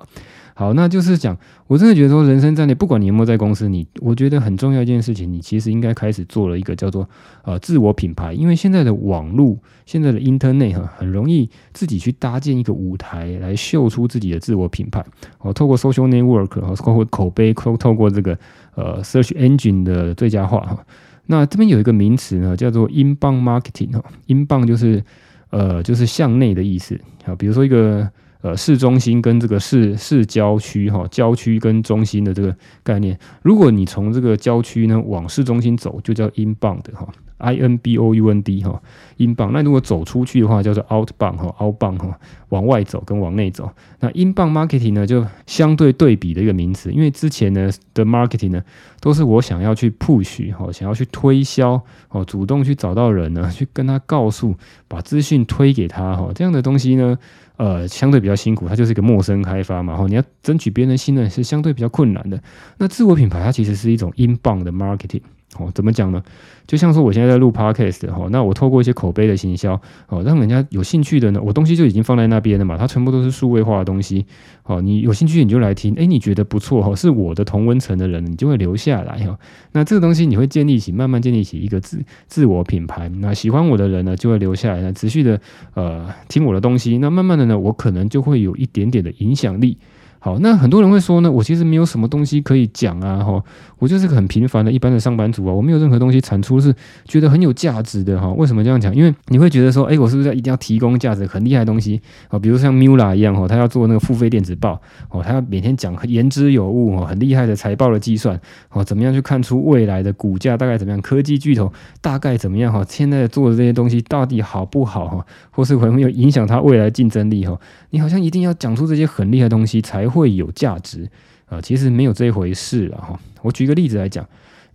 好，那就是講，我真的覺得說，人生戰略，不管你有沒有在公司，你我覺得很重要一件事情，你其實應該開始做了一個叫做呃自我品牌，因為現在的網絡，現在的 internet 哈、啊，很容易自己去搭建一個舞台來秀出自己的自我品牌。哦、啊，透過 social network，啊，透過口碑，透過這個呃 search engine 的最佳化哈、啊。那這邊有一個名詞呢，叫做 inbound marketing 哈、啊，inbound 就是呃就是向內的意思。好，比如說一個。呃，市中心跟這個市市郊區哈，郊區跟中心的這個概念，如果你從這個郊區呢往市中心走，就叫 inbound 哈、哦，I N B O U N D 哈、哦，inbound。那如果走出去的話，叫做 outbound 哈、哦，outbound 哈、哦，往外走跟往內走。那 inbound marketing 呢，就相對對比的一個名詞，因為之前呢的 marketing 呢，都是我想要去 push 哈、哦，想要去推銷哦，主動去找到人呢，去跟他告訴，把資訊推給他哈、哦，這樣的東西呢。呃，相對比較辛苦，它就是一個陌生開發嘛，然後你要爭取別人信任是相對比較困難的。那自我品牌它其實是一種 inbound 的 marketing。哦，怎麼講呢？就像說我現在在錄 podcast 哈、哦，那我透過一些口碑的行銷，哦，讓人家有興趣的呢，我東西就已經放在那邊了嘛，它全部都是數位化的東西。哦，你有興趣你就來聽，哎，你覺得不錯、哦、是我的同溫層的人，你就會留下來、哦、那這個東西你會建立起，慢慢建立起一個自自我品牌。那喜歡我的人呢，就會留下來呢，持續的呃聽我的東西。那慢慢的呢，我可能就會有一點點的影響力。好，那很多人會說呢，我其實沒有什麼東西可以講啊，哈，我就是個很平凡的一般的上班族啊，我沒有任何東西產出是覺得很有價值的，哈，為什麼這樣講？因為你會覺得說，哎，我是不是要一定要提供價值很厲害的東西哦，比如像 Miula 一樣，哈，他要做那個付費電子報，哦，他要每天講言之有物，哦，很厲害的財報的計算，哦，怎麼樣去看出未來的股價大概怎麼樣？科技巨頭大概怎麼樣？哈，現在做的這些東西到底好不好？哈，或是有沒有影響他未來競爭力？哈，你好像一定要講出這些很厲害的東西才。會有價值啊、呃？其實沒有這一回事了哈、哦。我舉個例子來講，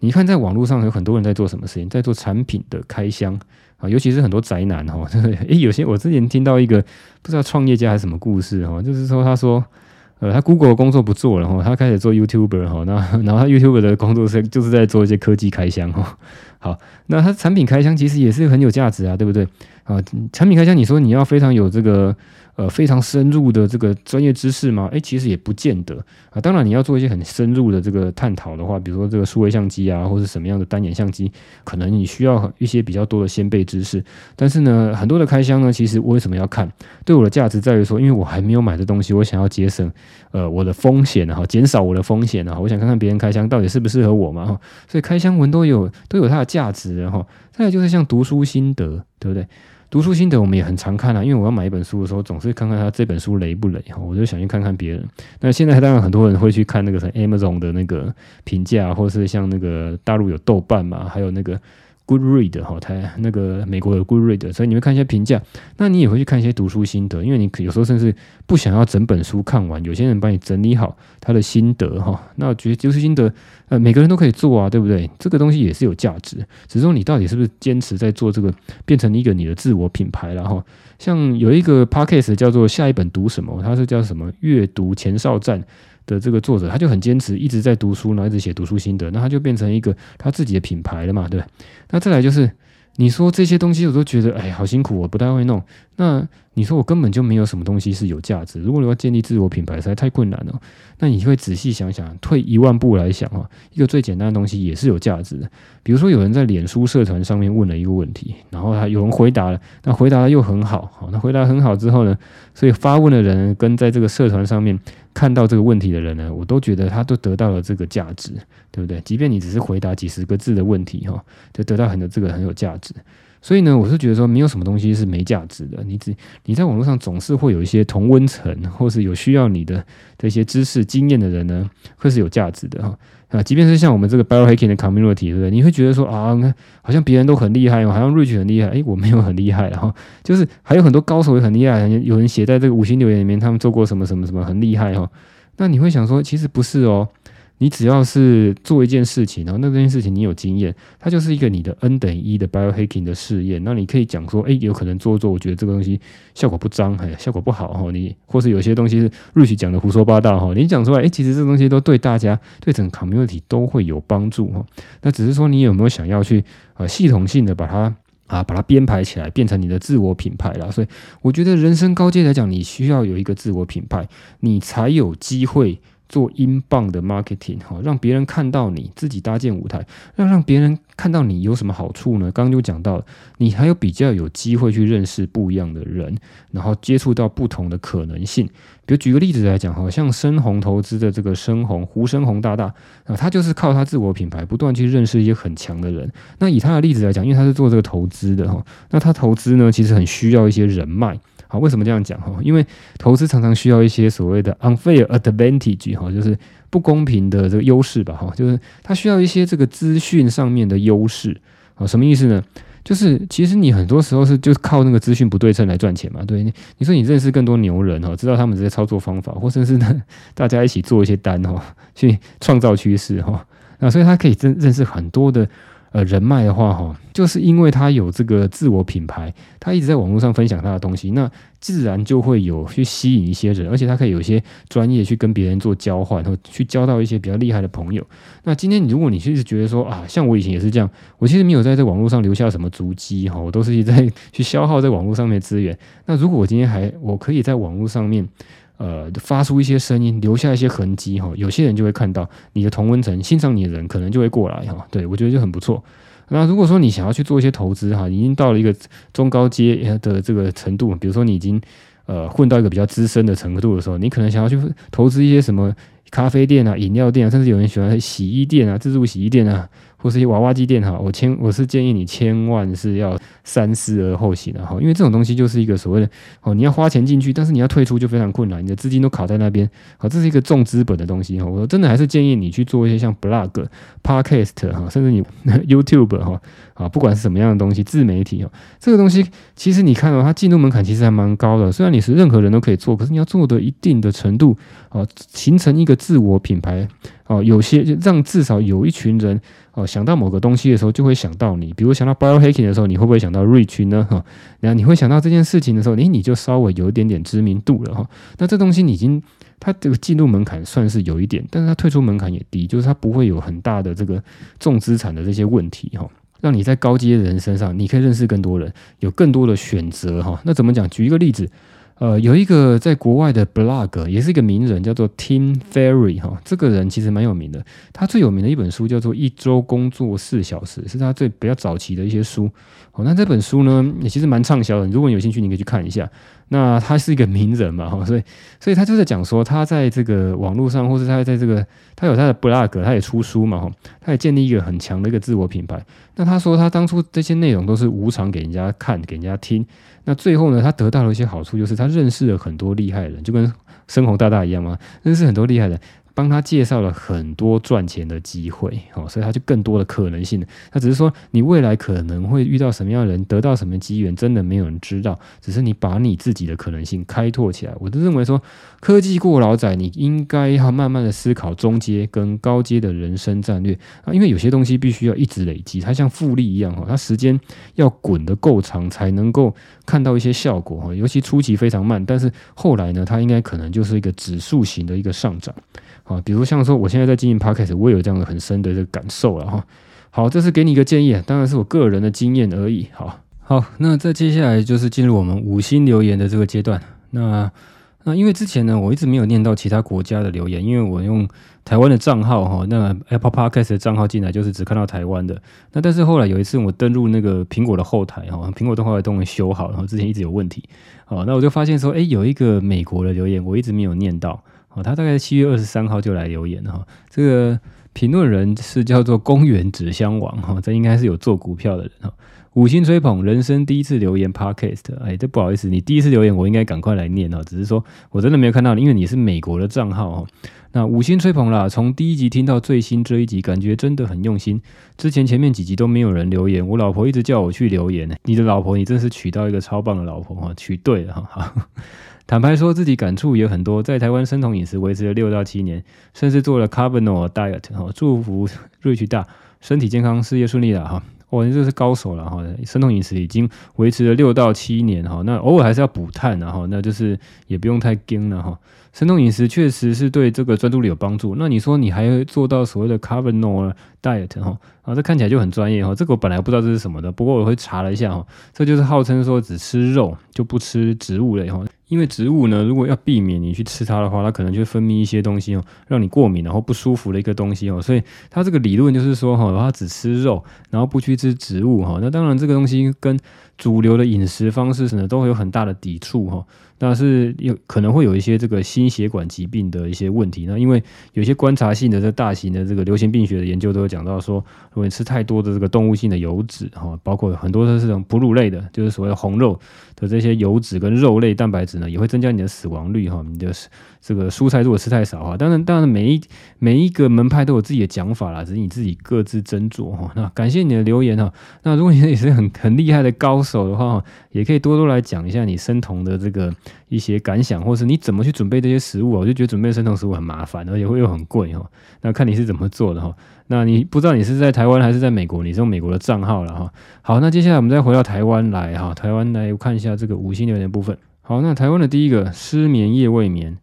你看，在網絡上有很多人在做什麼事情，在做產品的開箱啊、哦，尤其是很多宅男哈、哦。哎，有些我之前聽到一個不知道創業家還是什麼故事哈、哦，就是說他說，呃，他 Google 的工作不做了哈、哦，他開始做 YouTuber 哈、哦，那然後他 YouTuber 的工作是就是在做一些科技開箱哈、哦。好，那他產品開箱其實也是很有價值啊，對不對啊、哦？產品開箱，你說你要非常有這個。呃，非常深入的這個專業知識嗎？誒，其實也不見得啊。當然，你要做一些很深入的這個探討的話，比如說這個數位相機啊，或者什麼樣的單眼相機，可能你需要一些比較多的先備知識。但是呢，很多的開箱呢，其實我為什麼要看？對我的價值在於說，因為我還沒有買的東西，我想要節省呃我的風險啊，減少我的風險啊，我想看看別人開箱到底適不適合我嘛、哦。所以開箱文都有都有它的價值，然後、哦、再來就是像讀書心得，對不對？讀書心得，我們也很常看啊，因為我要買一本書的時候，總是看看他這本書雷不雷哈，我就想去看看別人。那現在當然很多人會去看那個什麼 Amazon 的那個評價，或是像那個大陸有豆瓣嘛，還有那個。Good read 哈，它那個美國的 Good read，所以你會看一些評價，那你也會去看一些讀書心得，因為你有時候甚至不想要整本書看完，有些人幫你整理好他的心得哈。那我覺得讀書心得，呃，每個人都可以做啊，對不對？這個東西也是有價值，只是說你到底是不是堅持在做這個，變成一個你的自我品牌了哈。像有一個 podcast 叫做下一本讀什麼，它是叫什麼閱讀前哨站。的這個作者，他就很堅持，一直在讀書，然後一直寫讀書心得，那他就變成一個他自己的品牌了嘛，對？那再來就是，你說這些東西，我都覺得，哎，好辛苦，我不太會弄。那你說我根本就沒有什麼東西是有價值。如果你要建立自我品牌，實在太困難了。那你會仔細想想，退一萬步來想哈，一個最簡單的東西也是有價值的。比如說，有人在臉書社團上面問了一個問題，然後他有人回答了，那回答又很好，好，那回答很好之後呢，所以發問的人跟在這個社團上面。看到這個問題的人呢，我都覺得他都得到了這個價值，對不對？即便你只是回答幾十個字的問題，哈，就得到很多這個很有價值。所以呢，我是覺得說，沒有什麼東西是沒價值的。你只你在網絡上總是會有一些同溫層，或是有需要你的這些知識經驗的人呢，會是有價值的哈、哦。啊，即便是像我們這個 biohacking 的 community，對不對？你會覺得說啊，好像別人都很厲害哦，好像 Rich 很厲害，哎、欸，我沒有很厲害哈、哦，就是還有很多高手也很厲害，有人寫在這個五星留言裡面，他們做過什麼什麼什麼很厲害哈、哦。那你會想說，其實不是哦。你只要是做一件事情，然後那這件事情你有經驗，它就是一個你的 N 等於一的 biohacking 的試驗。那你可以講說，哎、欸，有可能做做，我覺得這個東西效果不彰，哎、欸，效果不好哈。你或是有些東西是 Rich 講的胡說八道哈，你講出來，哎、欸，其實這東西都對大家、對整個 community 都會有幫助哈。那只是說你有沒有想要去呃系統性的把它啊把它編排起來，變成你的自我品牌了。所以我覺得人生高階來講，你需要有一個自我品牌，你才有機會。做 inbound 的 marketing，哈，讓別人看到你自己搭建舞台，要讓別人看到你有什麼好處呢？剛剛就講到了，你還有比較有機會去認識不一樣的人，然後接觸到不同的可能性。比如舉個例子來講，哈，像深紅投資的這個深紅胡深紅大大啊，他就是靠他自我品牌不斷去認識一些很強的人。那以他的例子來講，因為他是做這個投資的哈，那他投資呢，其實很需要一些人脈。好，為什麼這樣講哈？因為投資常常需要一些所謂的 unfair advantage 哈，就是不公平的這個優勢吧哈，就是他需要一些這個資訊上面的優勢啊。什麼意思呢？就是其實你很多時候是就靠那個資訊不對稱來賺錢嘛。對，你說你認識更多牛人哈，知道他們這些操作方法，或甚至呢，大家一起做一些單哈，去創造趨勢哈。那所以他可以認認識很多的。人脈的話，哈，就是因為他有這個自我品牌，他一直在網絡上分享他的東西，那自然就會有去吸引一些人，而且他可以有些專業去跟別人做交換，然後去交到一些比較厲害的朋友。那今天，如果你是覺得說啊，像我以前也是這樣，我其實沒有在這網絡上留下什麼足跡，哈，我都是一直在去消耗在網絡上面資源。那如果我今天還，我可以在網絡上面。呃，發出一些聲音，留下一些痕跡哈，有些人就會看到你的同溫層，欣賞你的人可能就會過來哈。對，我覺得就很不錯。那如果說你想要去做一些投資哈，已經到了一個中高階的這個程度，比如說你已經呃混到一個比較資深的程度的時候，你可能想要去投資一些什麼咖啡店啊、飲料店啊，甚至有人喜歡洗衣店啊、自助洗衣店啊。或是一些娃娃機店哈，我千我是建議你千萬是要三思而後行的哈，因為這種東西就是一個所謂的哦，你要花錢進去，但是你要退出就非常困難，你的資金都卡在那邊啊，這是一個重資本的東西哈。我真的還是建議你去做一些像 blog、podcast 哈，甚至你 YouTube 哈啊，不管是什麼樣的東西，自媒體哦，這個東西其實你看到、哦、它進入門檻其實還蠻高的，雖然你是任何人都可以做，可是你要做的一定的程度啊，形成一個自我品牌。哦，有些就讓至少有一群人哦想到某個東西的時候就會想到你，比如想到 Biohacking 的時候，你會不會想到 Reach 呢？哈、哦，然後你會想到這件事情的時候，誒，你就稍微有一點點知名度了哈、哦。那這東西已經它這個進入門檻算是有一點，但是它退出門檻也低，就是它不會有很大的這個重資產的這些問題哈、哦。讓你在高階的人身上，你可以認識更多人，有更多的選擇哈、哦。那怎麼講？舉一個例子。呃，有一個在國外的 blog，也是一個名人，叫做 Tim Ferriss 哈、哦，這個人其實蠻有名的。他最有名的一本書叫做《一周工作四小時》，是他最比較早期的一些書。好、哦，那這本書呢，也其實蠻暢銷的。如果你有興趣，你可以去看一下。那他是一個名人嘛，哈、哦，所以，所以他就是講說，他在這個網絡上，或是他在這個，他有他的 blog，他也出書嘛，哈、哦，他也建立一個很強的一個自我品牌。那他說，他當初這些內容都是無償給人家看，給人家聽。那最後呢，他得到了一些好處，就是他認識了很多厲害的人，就跟生活大大一樣嘛，認識很多厲害的人，幫他介紹了很多賺錢的機會，所以他就更多的可能性。他只是說，你未來可能會遇到什麼樣的人，得到什麼機緣，真的沒有人知道。只是你把你自己的可能性開拓起來。我都認為說，科技過勞仔，你應該要慢慢的思考中階跟高階的人生戰略啊，因為有些東西必須要一直累積，它像複利一樣哈，它時間要滾得夠長才能夠看到一些效果哈，尤其初期非常慢，但是後來呢，它應該可能就是一個指數型的一個上漲。啊，比如像說，我現在在經營 Podcast，我也有這樣的很深的這個感受了哈。好，這是給你一個建議，當然是我個人的經驗而已。好，好，那再接下來就是進入我們五星留言的這個階段。那那因為之前呢，我一直沒有念到其他國家的留言，因為我用台灣的賬號哈，那 Apple Podcast 的賬號進來就是只看到台灣的。那但是後來有一次我登入那個蘋果的後台哈，蘋果的後來都給修好了，之前一直有問題。好，那我就發現說，哎，有一個美國的留言我一直沒有念到。他大概七月二十三號就來留言哈。這個評論人是叫做“公園紙箱王”哈，這應該是有做股票的人哈。五星吹捧，人生第一次留言。Podcast，哎，這不好意思，你第一次留言，我應該趕快來念哈。只是說我真的沒有看到你，因為你是美國的賬號哈。那五星吹捧了，從第一集聽到最新這一集，感覺真的很用心。之前前面幾集都沒有人留言，我老婆一直叫我去留言。你的老婆，你真是娶到一個超棒的老婆哈，娶對了哈。坦白說自己感觸也很多，在台灣生酮飲食維持了六到七年，甚至做了 carbonol diet 哈，祝福瑞奇大身體健康，事業順利啦哈，哇，哦，這是高手了哈，生酮飲食已經維持了六到七年哈，那偶爾還是要補碳，那就是也不用太緊了哈。生酮飲食確實是對這個專注力有幫助。那你說你還會做到所謂的 carnivore diet 哈、哦、啊，這看起來就很專業哈、哦。這個我本來不知道這是什麼的，不過我會查了一下哈、哦，這就是號稱說只吃肉就不吃植物類哈、哦。因為植物呢，如果要避免你去吃它的話，它可能就分泌一些東西哦，讓你過敏然後不舒服的一個東西哦。所以它這個理論就是說哈、哦，它只吃肉，然後不去吃植物哈、哦。那當然這個東西跟主流的飲食方式什麼都會有很大的抵觸哈。哦但是有可能會有一些這個心血管疾病的一些問題呢，那因為有些觀察性的這大型的這個流行病學的研究都有講到說，如果你吃太多的這個動物性的油脂哈，包括很多都是這種哺乳類的，就是所謂的紅肉。的這些油脂跟肉類蛋白質呢，也會增加你的死亡率哈。你的這個蔬菜如果吃太少哈，當然當然，每一每一個門派都有自己的講法啦，只是你自己各自斟酌哈。那感謝你的留言哈，那如果你也是很很厲害的高手的話，也可以多多來講一下你生酮的這個一些感想，或是你怎麼去準備這些食物，我就覺得準備生酮食物很麻煩，而且會又很貴哈。那看你是怎麼做的哈。那你不知道你是在台灣還是在美國？你是用美國的賬號了哈。好，那接下來我們再回到台灣來哈，台灣來看一下這個五星留言的部分。好，那台灣的第一個失眠夜未眠，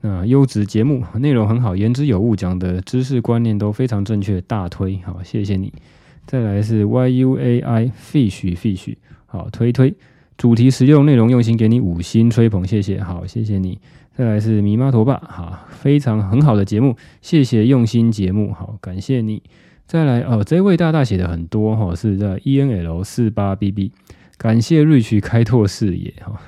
那優質節目，內容很好，言之有物，講的知識觀念都非常正確，大推，好，謝謝你。再來是 Y U A I Fish Fish，好，推推，主題實用，內容用心，給你五星吹捧，謝謝，好，謝謝你。再來是米媽陀爸哈，非常很好的節目，謝謝用心節目，好感謝你。再來哦，這位大大寫的很多哈、哦，是的，ENL48BB，感謝 Rich 開拓視野哈、哦、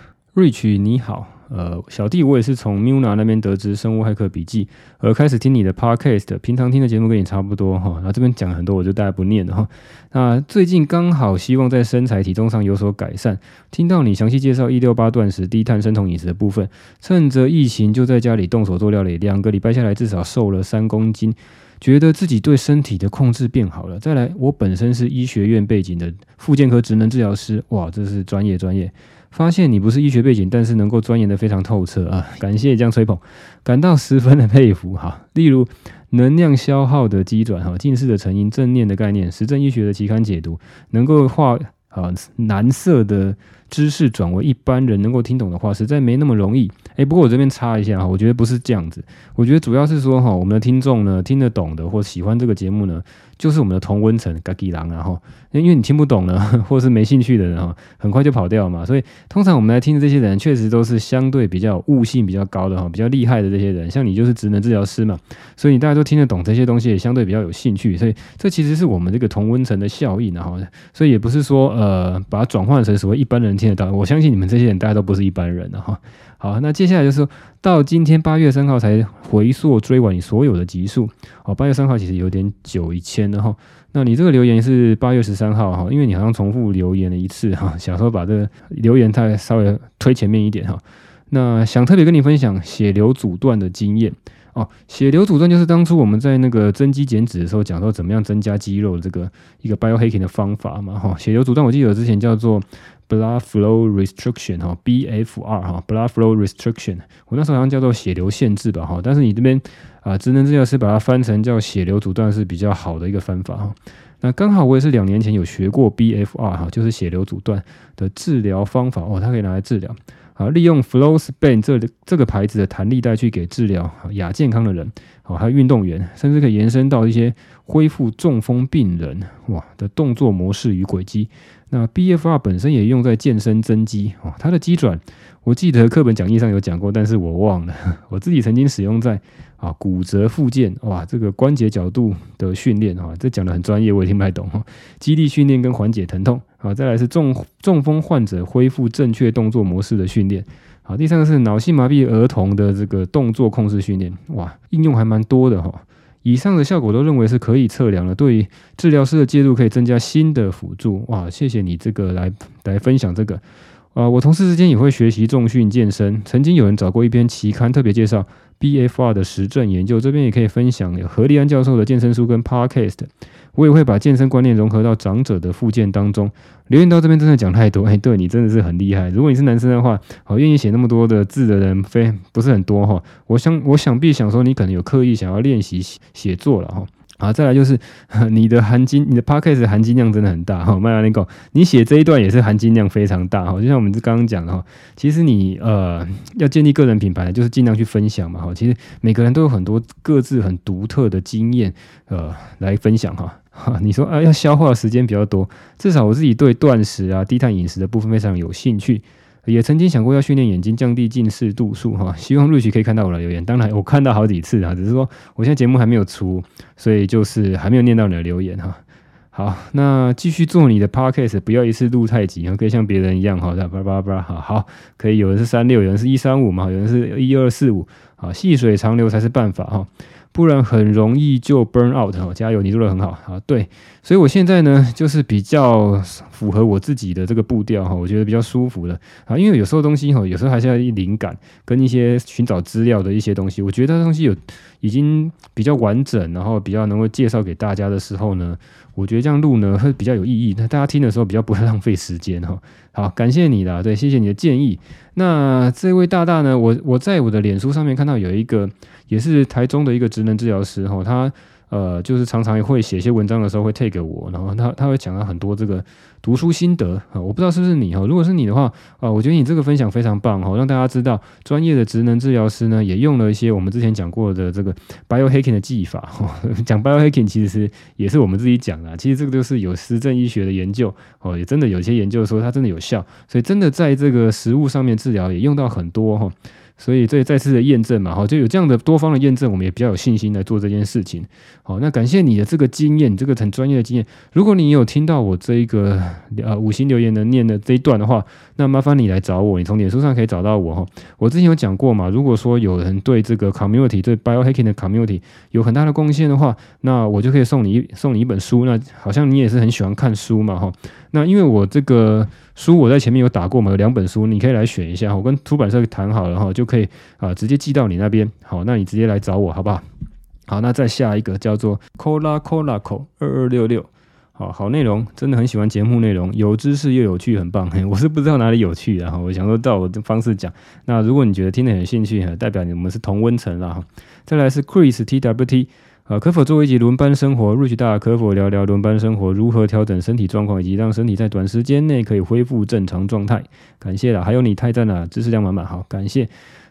，Rich 你好。呃，小弟我也是從繆 u n a 那邊得知《生物駭客筆記》而開始聽你的 Podcast，平常聽的節目跟你差不多哈。那、哦、這邊講很多，我就大家不念了、哦。那最近剛好希望在身材體重上有所改善，聽到你詳細介紹168斷食、低碳生酮飲食的部分，趁着疫情就在家裡動手做料理，兩個禮拜下來至少瘦了三公斤，覺得自己對身體的控制變好了。再來，我本身是醫學院背景的附健科職能治療師，哇，這是專業專業。發現你不是醫學背景，但是能夠鑽研得非常透徹啊！感謝江吹捧，感到十分的佩服哈。例如能量消耗的機轉哈，近視的成因，正念的概念，實證醫學的期刊解讀，能夠化啊難澀的知識轉為一般人能夠聽懂的話，實在沒那麼容易。哎、欸，不過我這邊插一下哈，我覺得不是這樣子。我覺得主要是說哈，我們的聽眾呢聽得懂的或喜歡這個節目呢，就是我們的同溫層家己郎啊哈。因為你聽不懂呢，或是沒興趣的人哈，很快就跑掉嘛。所以通常我們來聽的這些人，確實都是相對比較悟性比較高的哈，比較厲害的這些人。像你就是職能治療師嘛，所以你大家都聽得懂這些東西，也相對比較有興趣。所以這其實是我們這個同溫層的效應啊哈。所以也不是說呃，把它轉換成所謂一般人聽得到。我相信你們這些人大家都不是一般人了、啊、哈。好，那接下來就是說到今天八月三號才回溯追完你所有的集數。哦，八月三號其實有點久以前，然後那你這個留言是八月十三號哈，因為你好像重複留言了一次哈，想說把這個留言再稍微推前面一點哈。那想特別跟你分享血流阻斷的經驗。哦，血流阻斷就是當初我們在那個增肌減脂的時候，講到怎麼樣增加肌肉的這個一個 biohacking 的方法嘛。哈、哦，血流阻斷我記得之前叫做 blood flow restriction 哈，B F R 哈，blood flow restriction，我那時候好像叫做血流限制吧。哈、哦，但是你這邊啊，職、呃、能治療師把它翻成叫血流阻斷是比較好的一個方法哈、哦。那剛好我也是兩年前有學過 B F R 哈、哦，就是血流阻斷的治療方法哦，它可以拿來治療。啊，利用 FlowSpan 這這個牌子的彈力帶去給治療亞健康的人，好，還有運動員，甚至可以延伸到一些恢復中風病人哇的動作模式與軌跡。那 BFR 本身也用在健身增肌啊，它的機轉，我記得課本講義上有講過，但是我忘了。我自己曾經使用在啊骨折復健，哇，這個關節角度的訓練啊，這講的很專業，我也聽不太懂哈。肌力訓練跟緩解疼痛，好，再來是中中風患者恢復正確動作模式的訓練，好，第三個是腦性麻痹兒童的這個動作控制訓練，哇，應用還蠻多的哈。以上的效果都認為是可以測量的，對治療師的介入可以增加新的輔助。哇，謝謝你這個來來分享這個。啊，我同事之間也會學習重訓健身，曾經有人找過一篇期刊，特別介紹 BFR 的實證研究，這邊也可以分享何立安教授的健身書跟 Podcast。我也會把健身觀念融合到長者的復健當中。留言到這邊真的講太多，哎，對你真的是很厲害。如果你是男生的話，好、哦，願意寫那麼多的字的人非不是很多哈、哦。我想，我想必想說你可能有刻意想要練習寫作了哈。好、哦啊，再來就是你的含金，你的 package 的含金量真的很大哈，邁 i 密狗，你寫這一段也是含金量非常大哈、哦。就像我們剛剛講的哈、哦，其實你呃要建立個人品牌，就是盡量去分享嘛哈、哦。其實每個人都有很多各自很獨特的經驗呃來分享哈。哦啊、你說啊，要消化的時間比較多，至少我自己對斷食啊、低碳飲食的部分非常有興趣，也曾經想過要訓練眼睛降低近視度數哈、啊。希望陸續可以看到我的留言，當然我看到好幾次啊，只是說我現在節目還沒有出，所以就是還沒有念到你的留言哈、啊。好，那繼續做你的 podcast，不要一次錄太急，啊、可以像別人一樣哈，叭叭叭，好好可以有人是三六，有人是一三五嘛，有人是一二四五，啊，細水長流才是辦法哈。啊不然很容易就 burn out，加油，你做的很好啊，對，所以我現在呢，就是比較符合我自己的這個步調哈，我覺得比較舒服的。啊，因為有時候東西哈，有時候還是要靈感跟一些尋找資料的一些東西，我覺得東西有已經比較完整，然後比較能夠介紹給大家的時候呢，我覺得這樣錄呢會比較有意義，那大家聽的時候比較不會浪費時間哈，好，感謝你啦，對，謝謝你的建議，那這位大大呢，我我在我的臉書上面看到有一個。也是台中的一個職能治療師哈、哦，他呃就是常常會寫一些文章的時候會推給我，然後他他會講到很多這個讀書心得哈、哦，我不知道是不是你哈、哦，如果是你的話啊、呃，我覺得你這個分享非常棒哈、哦，讓大家知道專業的職能治療師呢也用了一些我們之前講過的這個 biohacking 的技法哈、哦，講 biohacking 其實也是我們自己講的、啊，其實這個就是有實證醫學的研究哦，也真的有些研究說它真的有效，所以真的在這個食物上面治療也用到很多哈。哦所以這也再次的驗證嘛，哈，就有這樣的多方的驗證，我們也比較有信心來做這件事情。好，那感謝你的這個經驗，這個很專業的經驗。如果你有聽到我這一個呃、啊、五星留言的念的這一段的話，那麻煩你來找我，你從臉書上可以找到我哈。我之前有講過嘛，如果說有人對這個 community 對 biohacking 的 community 有很大的貢獻的話，那我就可以送你一送你一本書。那好像你也是很喜歡看書嘛，哈。那因為我這個。書我在前面有打過嘛，有兩本書，你可以來選一下，我跟出版社談好了哈，就可以啊直接寄到你那邊。好，那你直接來找我，好不好？好，那再下一個叫做 Cola Cola Co 二二六六，好好內容，真的很喜歡節目內容，有知識又有趣，很棒。嘿，我是不知道哪裡有趣，然後啊，我想說照我的方式講。那如果你覺得聽得很興趣哈，代表你們是同溫層啦。哈。再來是 Chris TWT，啊，可否做一集輪班生活？Rich 大可否聊聊輪班生活如何調整身體狀況，以及讓身體在短時間內可以恢復正常狀態？感謝啦，還有你太讚啦，知識量滿滿，好，感謝。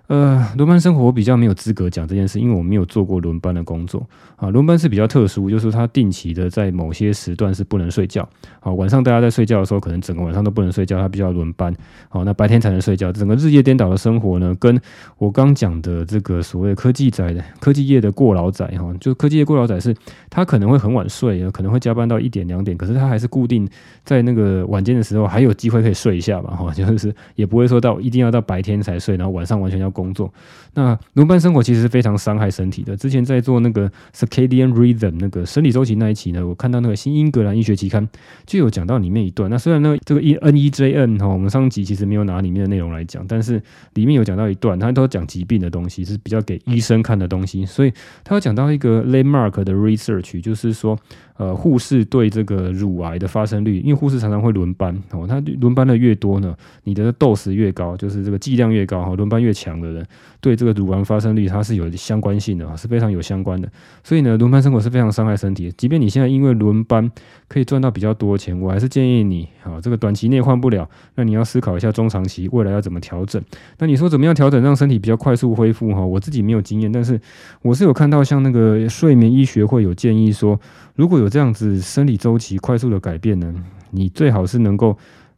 呃，輪班生活我比較沒有資格講這件事，因為我沒有做過輪班的工作啊。輪班是比較特殊，就是他定期的在某些時段是不能睡覺。好，啊，晚上大家在睡覺的時候，可能整個晚上都不能睡覺，他比較輪班。好，啊，那白天才能睡覺。整個日夜顛倒的生活呢，跟我剛講的這個所謂科技仔的科技業的過勞仔哈，就是科技業過勞仔是，他可能會很晚睡，可能會加班到一點兩點，可是他還是固定在那個晚間的時候還有機會可以睡一下吧。哈，啊，就是也不會說到一定要到白天才睡，然後晚上完全要工作，那輪班生活其實是非常傷害身體的。之前在做那個 circadian rhythm 那個生理週期那一期呢，我看到那個新英格蘭醫學期刊就有講到裡面一段。那雖然那個這個 NEJM 哈，我們上集其實沒有拿裡面的內容來講，但是裡面有講到一段，他都講疾病的東西，是比較給醫生看的東西。嗯、所以他有講到一個 landmark 的 research，就是說呃護士對這個乳癌的發生率，因為護士常常會輪班哦，他輪班的越多呢，你的 dose 越高，就是這個劑量越高哈，輪班越強人對這個乳癌發生率，它是有相關性的啊，是非常有相關的。所以呢，輪班生活是非常傷害身體的。即便你現在因為輪班可以賺到比較多錢，我還是建議你，啊，這個短期內換不了，那你要思考一下中長期未來要怎麼調整。那你說怎麼樣調整讓身體比較快速恢復？哈，我自己沒有經驗，但是我是有看到像那個睡眠醫學會有建議說，如果有這樣子生理週期快速的改變呢，你最好是能夠。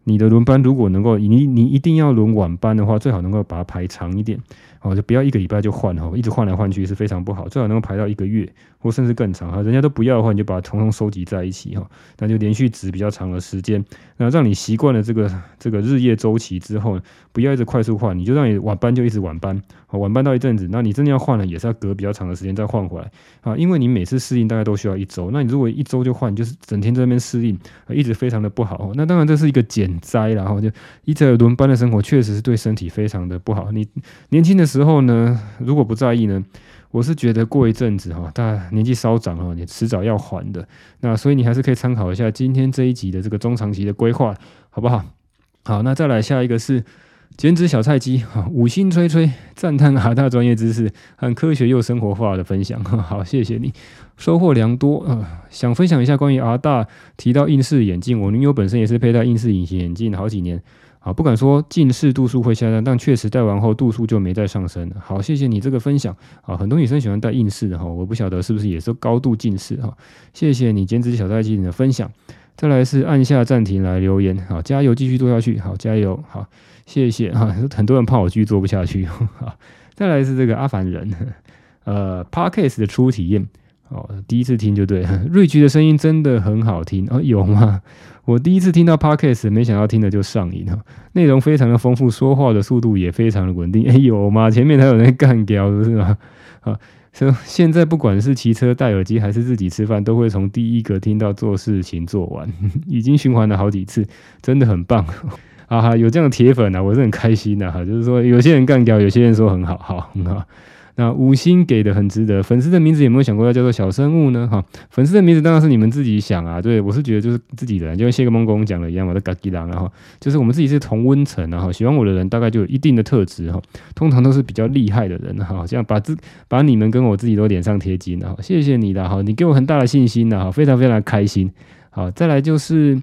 你的輪班如果能夠，你你一定要輪晚班的話，最好能夠把它排長一點。哦，就不要一個禮拜就換哦，一直換來換去是非常不好，最好能夠排到一個月或甚至更長啊。人家都不要的話，你就把它統統收集在一起哈，那就連續值比較長的時間，那讓你習慣了這個這個日夜週期之後，不要一直快速換，你就讓你晚班就一直晚班，晚班到一陣子，那你真的要換了也是要隔比較長的時間再換回來啊，因為你每次適應大概都需要一周，那你如果一周就換，就是整天在那邊適應，一直非常的不好哦。那當然這是一個減災，然後就一直輪班的生活確實是對身體非常的不好，你年輕的時候呢，如果不在意呢，我是覺得過一陣子哈，大家年紀稍長啊，你遲早要還的。那所以你還是可以參考一下今天這一集的這個中長期的規劃，好不好？好，那再來下一個是減脂小菜雞哈，五星吹吹讚嘆阿大專業知識很科學又生活化的分享，好，謝謝你，收穫良多啊、呃。想分享一下關於阿大提到硬式眼鏡，我女友本身也是佩戴硬式隱形眼鏡好幾年。不敢說近視度數會下降，但確實戴完後度數就沒再上升。好，謝謝你這個分享啊，很多女生喜歡戴硬式的哈，我不曉得是不是也是高度近視哈。謝謝你堅持小貸記你的分享。再來是按下暫停來留言，好，加油繼續做下去，好，加油，好，謝謝啊，很多人怕我繼續做不下去啊。再來是這個阿凡人，呃，Parkes 的初體驗。好，第一次聽就對，瑞菊的聲音真的很好聽，哦，有嗎？我第一次聽到 podcast 沒想到聽了就上癮哈，內容非常的豐富，說話的速度也非常的穩定。哎、欸、呦前面還有人幹掉，是嗎啊，所以現在不管是騎車戴耳機，還是自己吃飯，都會從第一個聽到做事情做完，呵呵已經循環了好幾次，真的很棒，啊、有這樣鐵粉呢，啊，我是很開心的，啊、哈。就是說，有些人幹掉，有些人說很好，好，很好。那五星給的很值得，粉絲的名字有沒有想過要叫做小生物呢？哈、哦，粉絲的名字當然是你們自己想啊。對我是覺得就是自己人，就跟謝個夢講的一樣嘛，都嘎吉啦，哈，就是我們自己是同溫層，的哈，喜歡我的人大概就有一定的特質，哈，通常都是比較厲害的人、啊，哈，這樣把自把你們跟我自己都臉上貼金了，哈，謝謝你的哈，你給我很大的信心的、啊、哈，非常非常開心。好，再來就是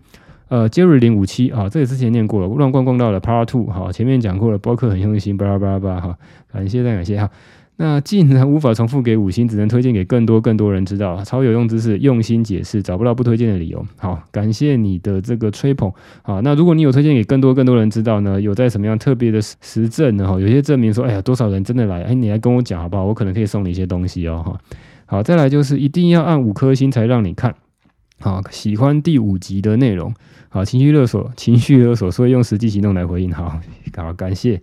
呃，Jerry 零五七哈，這個之前念過了，亂逛逛到了 Part Two，哈、啊，前面講過了，播客很用心，巴拉巴拉巴，拉、啊、哈，感謝再感謝哈。啊那既然無法重複給五星，只能推薦給更多更多人知道，超有用知識，用心解釋，找不到不推薦的理由。好，感謝你的這個吹捧。好，那如果你有推薦給更多更多人知道呢？有在什麼樣特別的實證呢？哈、哦，有些證明說，哎呀，多少人真的來？哎，你來跟我講好不好？我可能可以送你一些東西哦。好，再來就是一定要按五顆星才讓你看。好，喜歡第五集的內容。好，情緒勒索，情緒勒索，所以用實際行動來回應。好，好，感謝。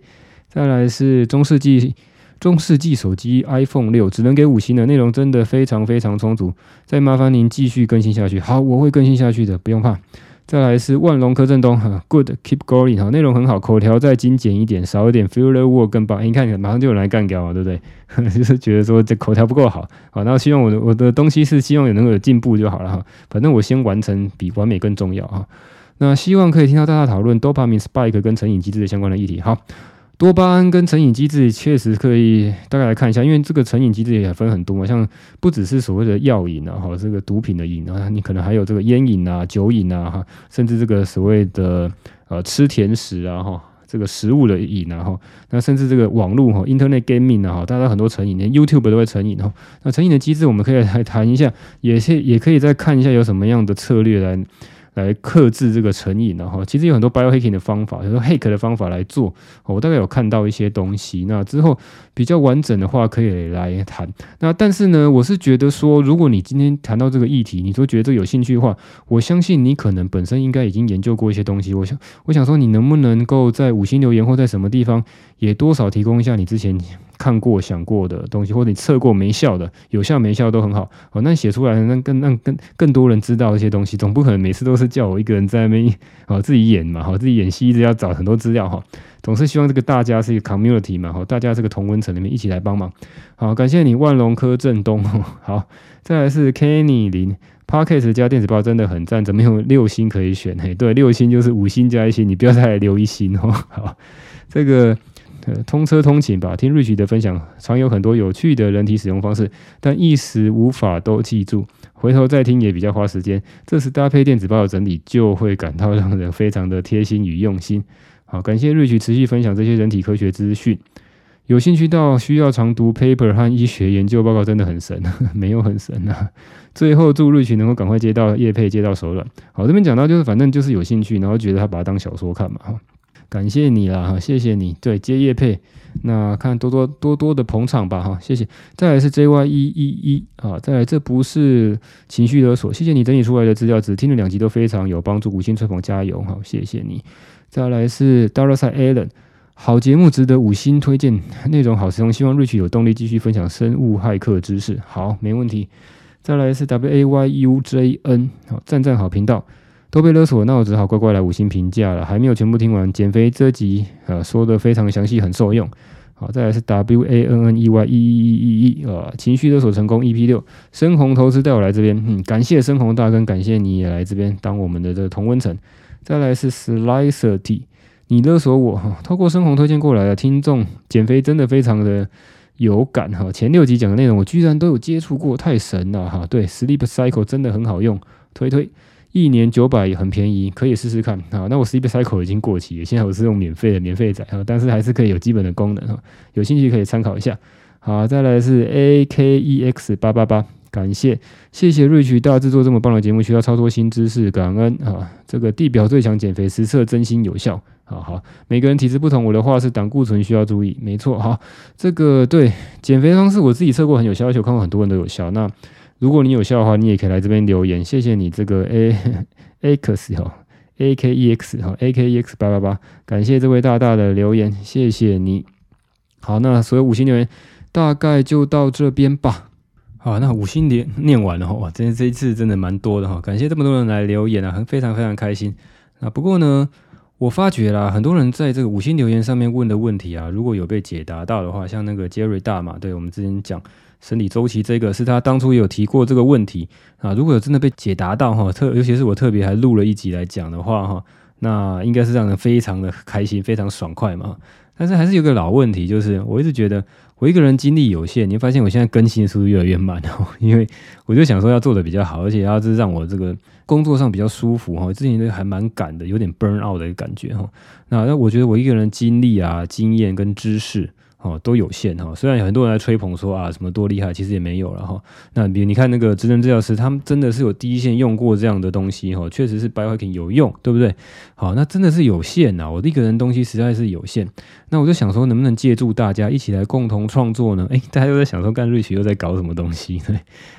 再來是中世紀。中世紀手機 iPhone 六只能給五星的內容真的非常非常充足，再麻煩您繼續更新下去。好，我會更新下去的，不用怕。再來是萬隆柯震東好，Good keep going，好內容很好，口條再精簡一點，少一點，filler work 更棒、欸。你看，馬上就有人來幹掉嘛，對不對？ 就是覺得說這口條不夠好，好，那希望我的我的東西是希望能有能夠有進步就好了哈。反正我先完成比完美更重要啊。那希望可以聽到大家討論 dopamine spike 跟成癮機制的相關的議題。好。多巴胺跟成癮機制確實可以大概來看一下，因為這個成癮機制也分很多嘛，像不只是所謂的藥癮啊，哈，這個毒品的癮啊，你可能還有這個煙癮啊、酒癮啊，哈，甚至這個所謂的呃吃甜食啊，哈，這個食物的癮啊，哈，那甚至這個網絡哈，Internet gaming 啊，哈，大家很多成癮，連 YouTube 都會成癮，哈，那成癮的機制我們可以來談一下，也是也可以再看一下有什麼樣的策略來。來克制這個成癮，然後其實有很多 biohacking 的方法，有時候 hack 的方法來做。我大概有看到一些東西，那之後比較完整的話可以來談。那但是呢，我是覺得說，如果你今天談到這個議題，你說覺得這有興趣的話，我相信你可能本身應該已經研究過一些東西。我想，我想說，你能不能夠在五星留言或在什麼地方也多少提供一下你之前。看過想過的東西，或者你測過沒效的，有效沒效都很好。好、哦，那寫出來，那更讓更更，更多人知道一些東西，總不可能每次都是叫我一個人在那邊啊、哦，自己演嘛，好、哦、自己演戲，一直要找很多資料哈、哦。總是希望這個大家是一個 community 嘛，好、哦，大家是個同溫層裡面一起來幫忙。好，感謝你萬隆柯震東呵呵。好，再來是 Kenny 林，Podcast 加電子報真的很讚，怎麼有六星可以選？嘿，對，六星就是五星加一星，你不要再來留一星哦。好，這個。通車通勤吧，聽瑞奇的分享，常有很多有趣的人體使用方式，但一時無法都記住，回頭再聽也比較花時間。這時搭配電子報的整理，就會感到讓人非常的貼心與用心。好，感謝瑞奇持續分享這些人體科學資訊。有興趣到需要常讀 paper 和醫學研究報告，真的很神啊，沒有很神啊。最後祝瑞奇能夠趕快接到業配接到手軟。好，這邊講到就是，反正就是有興趣，然後覺得他把它當小說看嘛，哈。感謝你啦，哈，謝謝你，對，接業配，那看多多多多的捧場吧哈，謝謝。再來是 JY 一一一啊，再來這不是情緒勒索，謝謝你整理出來的資料，只聽了兩集都非常有幫助，五星吹捧加油哈，謝謝你。再來是 Darren Allen，好節目值得五星推薦，內容好實用，希望 Rich 有動力繼續分享生物駭客知識。好，沒問題。再來是 WAYUJN，好讚讚好頻道。都被勒索，那我只好乖乖來五星評價了。還沒有全部聽完減肥這集，呃、啊，說得非常詳細，很受用。好，再來是 W A N N E Y E E E E，E E, 啊，情緒勒索成功。E P 六，深紅投資帶我來這邊，嗯，感謝深紅大哥，感謝你也來這邊當我們的這個同溫層。再來是 Slicer T，你勒索我哈、啊，透過深紅推薦過來的聽眾，減肥真的非常的有感哈、啊。前六集講的內容我居然都有接觸過，太神了哈、啊。對，Sleep Cycle 真的很好用，推推。一年九百也很便宜，可以試試看啊。那我 Sleep Cycle 已經過期了，現在我是用免費的免費載。啊，但是還是可以有基本的功能，有興趣可以參考一下。好，再來是 A K E X 八八八，8, 感謝，謝謝瑞曲大製作這麼棒的節目，需要超多新知識，感恩啊。這個地表最強減肥實測，真心有效好，好，每個人體質不同，我的話是膽固醇需要注意，沒錯哈。這個對減肥方式，我自己測過很有效，而且我看過很多人都有效。那如果你有笑的話，你也可以來這邊留言，謝謝你。這個 A A X 哈、oh, A K E X 哈、oh, A K E X 八八八，K e X 8. 感謝這位大大的留言，謝謝你。好，那所有五星留言大概就到這邊吧。好，那五星連念完了，哇，今天這，這一次真的蠻多的哈，感謝這麼多人來留言啊，很非常非常開心。啊，不過呢，我發覺啦，很多人在這個五星留言上面問的問題啊，如果有被解答到的話，像那個傑瑞大馬對我們之前講。生理週期這個是他當初有提過這個問題啊，如果有真的被解答到哈，特尤其是我特別還錄了一集來講的話哈、啊，那應該是讓人非常的開心，非常爽快嘛但是還是有個老問題，就是我一直覺得我一個人精力有限，你會發現我現在更新的速度越來越慢、哦，因為我就想說要做的比較好，而且要是讓我這個工作上比較舒服哈、哦。之前都還蠻趕的，有點 burn out 的一個感覺哈、哦。那那我覺得我一個人精力啊、經驗跟知識。哦，都有限哈。雖然有很多人來吹捧說啊，什麼多厲害，其實也沒有了哈。那比如你看那個職能治療師，他們真的是有第一線用過這樣的東西哈，確實是 biohacking 有用，對不對？好，那真的是有限吶。我一個人東西實在是有限，那我就想說，能不能借助大家一起來共同創作呢？誒、欸，大家都在想說幹瑞奇又在搞什麼東西？對。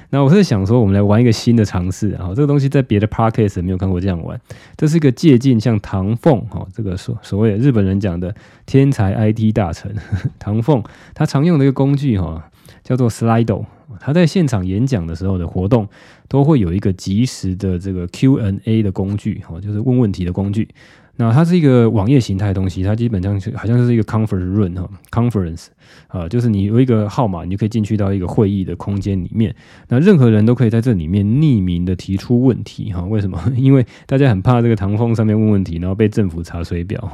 那我是想說，我們來玩一個新的嘗試啊。這個東西在別的 Podcast 沒有看過這樣玩，這是一個借鑑，像唐鳳哈，這個所所謂日本人講的。天才 IT 大臣唐鳳，他常用的一個工具哈，叫做 Slido。他在現場演講的時候的活動，都會有一個即時的這個 Q&A 的工具哈，就是問問題的工具。那它是一個網頁形態的東西，它基本上是好像就是一個 conference room, conference 哈，conference 啊，就是你有一個號碼，你就可以進去到一個會議的空間裡面。那任何人都可以在這裡面匿名的提出問題哈。為什麼？因為大家很怕這個唐鳳上面問問題，然後被政府查水表。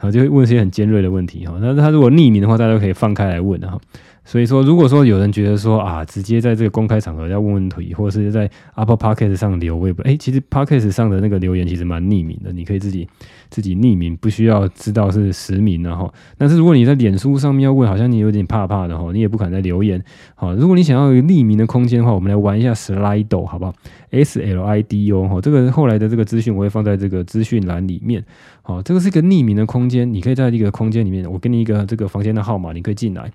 好，就會問一些很尖銳的問題哈，那他如果匿名的話，大家都可以放開來問哈。所以說，如果說有人覺得說啊，直接在這個公開場合要問問題，或者是在 Apple Podcast 上留微博，誒、欸，其實 Podcast 上的那個留言其實蠻匿名的，你可以自己自己匿名，不需要知道是實名啊哈。但是如果你在臉書上面要問，好像你有點怕怕的哈，你也不敢再留言。好，如果你想要匿名的空間的話，我們來玩一下 Slido 好不好？S L I D O、哦、哈，這個後來的這個資訊我會放在這個資訊欄裡面。哦，這個是一個匿名的空間，你可以在這個空間裡面，我給你一個這個房間的號碼，你可以進來。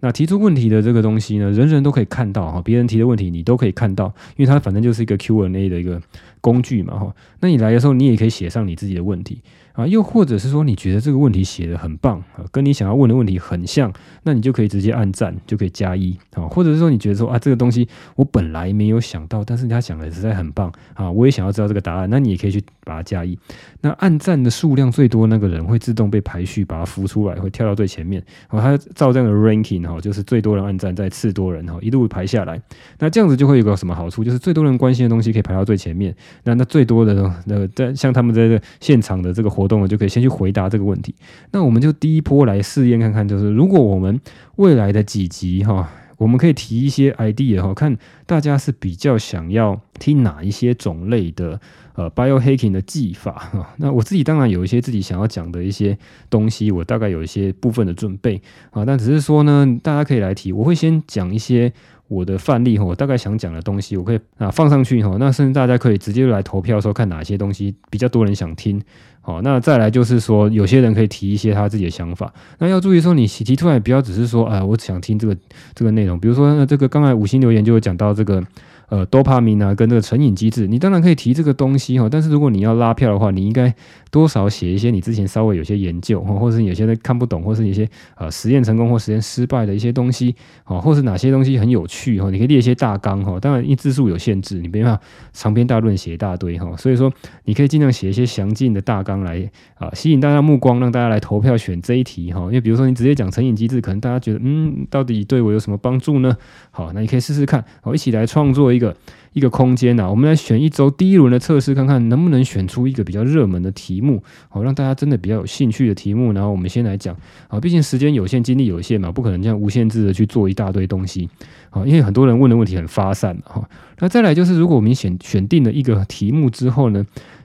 那提出問題的這個東西呢，人人都可以看到哈，別人提的問題你都可以看到，因為它反正就是一個 Q&A 的一個工具嘛哈。那你來的時候，你也可以寫上你自己的問題。啊，又或者是說你覺得這個問題寫得很棒、啊、跟你想要問的問題很像，那你就可以直接按讚，就可以加一啊。或者是說你覺得說啊，這個東西我本來沒有想到，但是他想的實在很棒啊，我也想要知道這個答案，那你也可以去把它加一。那按讚的數量最多那個人會自動被排序，把它浮出來，會跳到最前面。哦、啊，它照這樣的 ranking 哈、哦，就是最多人按讚再次多人哈、哦，一路排下來，那這樣子就會有個什麼好處，就是最多人關心的東西可以排到最前面。那那最多的那個、呃，像他們在這現場的這個活。活動我就可以先去回答這個問題。那我們就第一波來試驗看看，就是如果我們未來的幾集哈，我們可以提一些 idea 哈,看大家是比較想要聽哪一些種類的呃 biohacking 的技法哈。那我自己當然有一些自己想要講的一些東西，我大概有一些部分的準備啊，但只是說呢，大家可以來提，我會先講一些。我的範例，我大概想講的東西，我可以啊放上去以後，那甚至大家可以直接來投票，說看哪些東西比較多人想聽，好，那再來就是說，有些人可以提一些他自己的想法，那要注意說，你提出來不要只是說，啊、哎，我想聽這個這個內容，比如說，那這個剛才五星留言就有講到這個。呃，多巴胺、啊，跟那個成癮機制，你當然可以提這個東西哈。但是如果你要拉票的話，你應該多少寫一些你之前稍微有些研究哈，或者是有些看不懂，或是一些呃實驗成功或實驗失敗的一些東西哦，或是哪些東西很有趣哈，你可以列一些大綱哈。當然，因字數有限制，你沒辦法長篇大論寫一大堆哈。所以說，你可以盡量寫一些詳盡的大綱來啊，吸引大家目光，讓大家來投票選這一題哈。因為比如說你直接講成癮機制，可能大家覺得嗯，到底對我有什麼幫助呢？好，那你可以試試看，好，一起來創作一個。一個一個空間呢、啊，我們來選一周第一輪的測試，看看能不能選出一個比較熱門的題目，好、哦、讓大家真的比較有興趣的題目。然後我們先來講啊、哦，畢竟時間有限，精力有限嘛，不可能這樣無限制的去做一大堆東西啊、哦。因為很多人問的問題很發散哈、哦。那再來就是，如果我們選選定了一個題目之後呢？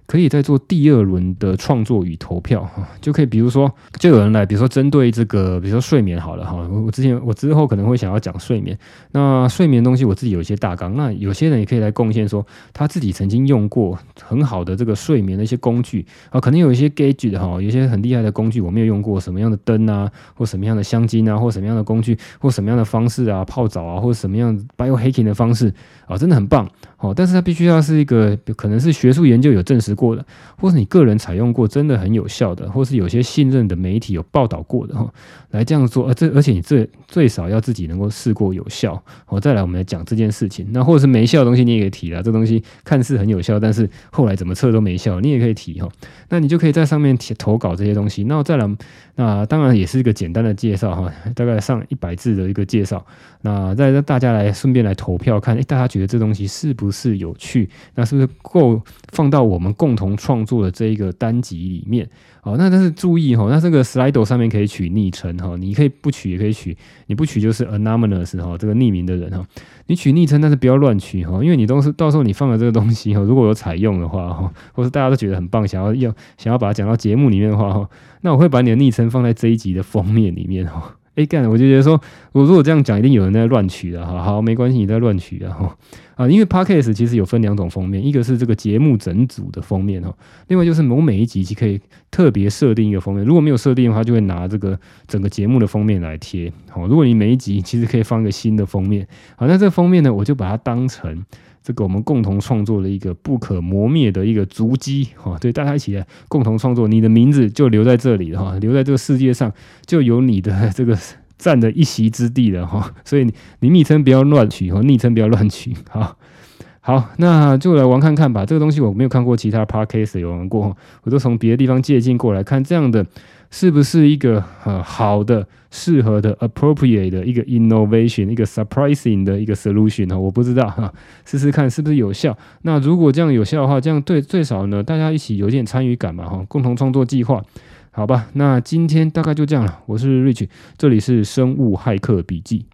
可以再做第二輪的創作與投票，就可以，比如說，就有人來，比如說針對這個，比如說睡眠好了哈，我我之前我之後可能會想要講睡眠，那睡眠的東西我自己有一些大綱，那有些人也可以來貢獻，說他自己曾經用過很好的這個睡眠的一些工具啊，可能有一些 gadget 哈、啊，有一些很厲害的工具，我沒有用過，什麼樣的燈啊，或什麼樣的香精啊，或什麼樣的工具，或什麼樣的方式啊，泡澡啊，或什麼樣的 biohacking 的方式啊，真的很棒，好、啊，但是它必須要是一個，可能是學術研究有證實。過的，或是你個人採用過真的很有效的，或是有些信任的媒體有報道過的哈，來這樣做，而這而且你最最少要自己能夠試過有效，我、哦、再來我們來講這件事情，那或者是沒效的東西你也可以提啦，這東西看似很有效，但是後來怎麼測都沒效，你也可以提哈、哦，那你就可以在上面提投稿這些東西，那再來那當然也是一個簡單的介紹哈、哦，大概上一百字的一個介紹，那再讓大家來順便來投票看，誒，大家覺得這東西是不是有趣，那是不是夠放到我們共共同創作的這一個單集裡面，哦，那但是注意哈、喔，那這個 Slido 上面可以取昵稱哈，你可以不取也可以取，你不取就是 anonymous 哈、喔，這個匿名的人哈、喔，你取昵稱，但是不要亂取哈、喔，因為你都是到時候你放了這個東西哈、喔，如果有採用的話哈、喔，或是大家都覺得很棒，想要要想要把它講到節目裡面的話哈、喔，那我會把你的昵稱放在這一集的封面裡面哈、喔。哎幹了，我就覺得說，我如果這樣講，一定有人在亂取的哈。好，沒關係，你在亂取的哈、哦。啊，因為 podcast 其實有分兩種封面，一個是這個節目整組的封面哈、哦，另外就是某每一集其實可以特別設定一個封面，如果沒有設定的話，就會拿這個整個節目的封面來貼。好、哦，如果你每一集其實可以放一個新的封面。好，那這個封面呢，我就把它當成。這個我們共同創作的一個不可磨滅的一個足跡哈，對，大家一起來共同創作，你的名字就留在這裡哈，留在這個世界上就有你的這個占的一席之地了哈。所以你昵稱不要亂取哈，昵稱不要亂取。好好，那就來玩看看吧。這個東西我沒有看過，其他 Podcast 有玩過，我都從別的地方借鑑過來看這樣的。是不是一個呃好的、適合的、appropriate 的一個 innovation、一個 surprising 的一個 solution 呢？我不知道哈，試試看是不是有效。那如果這樣有效的話，這樣對最少呢，大家一起有點參與感嘛哈，共同創作計劃，好吧？那今天大概就這樣了。我是 Rich，這裡是生物駭客筆記。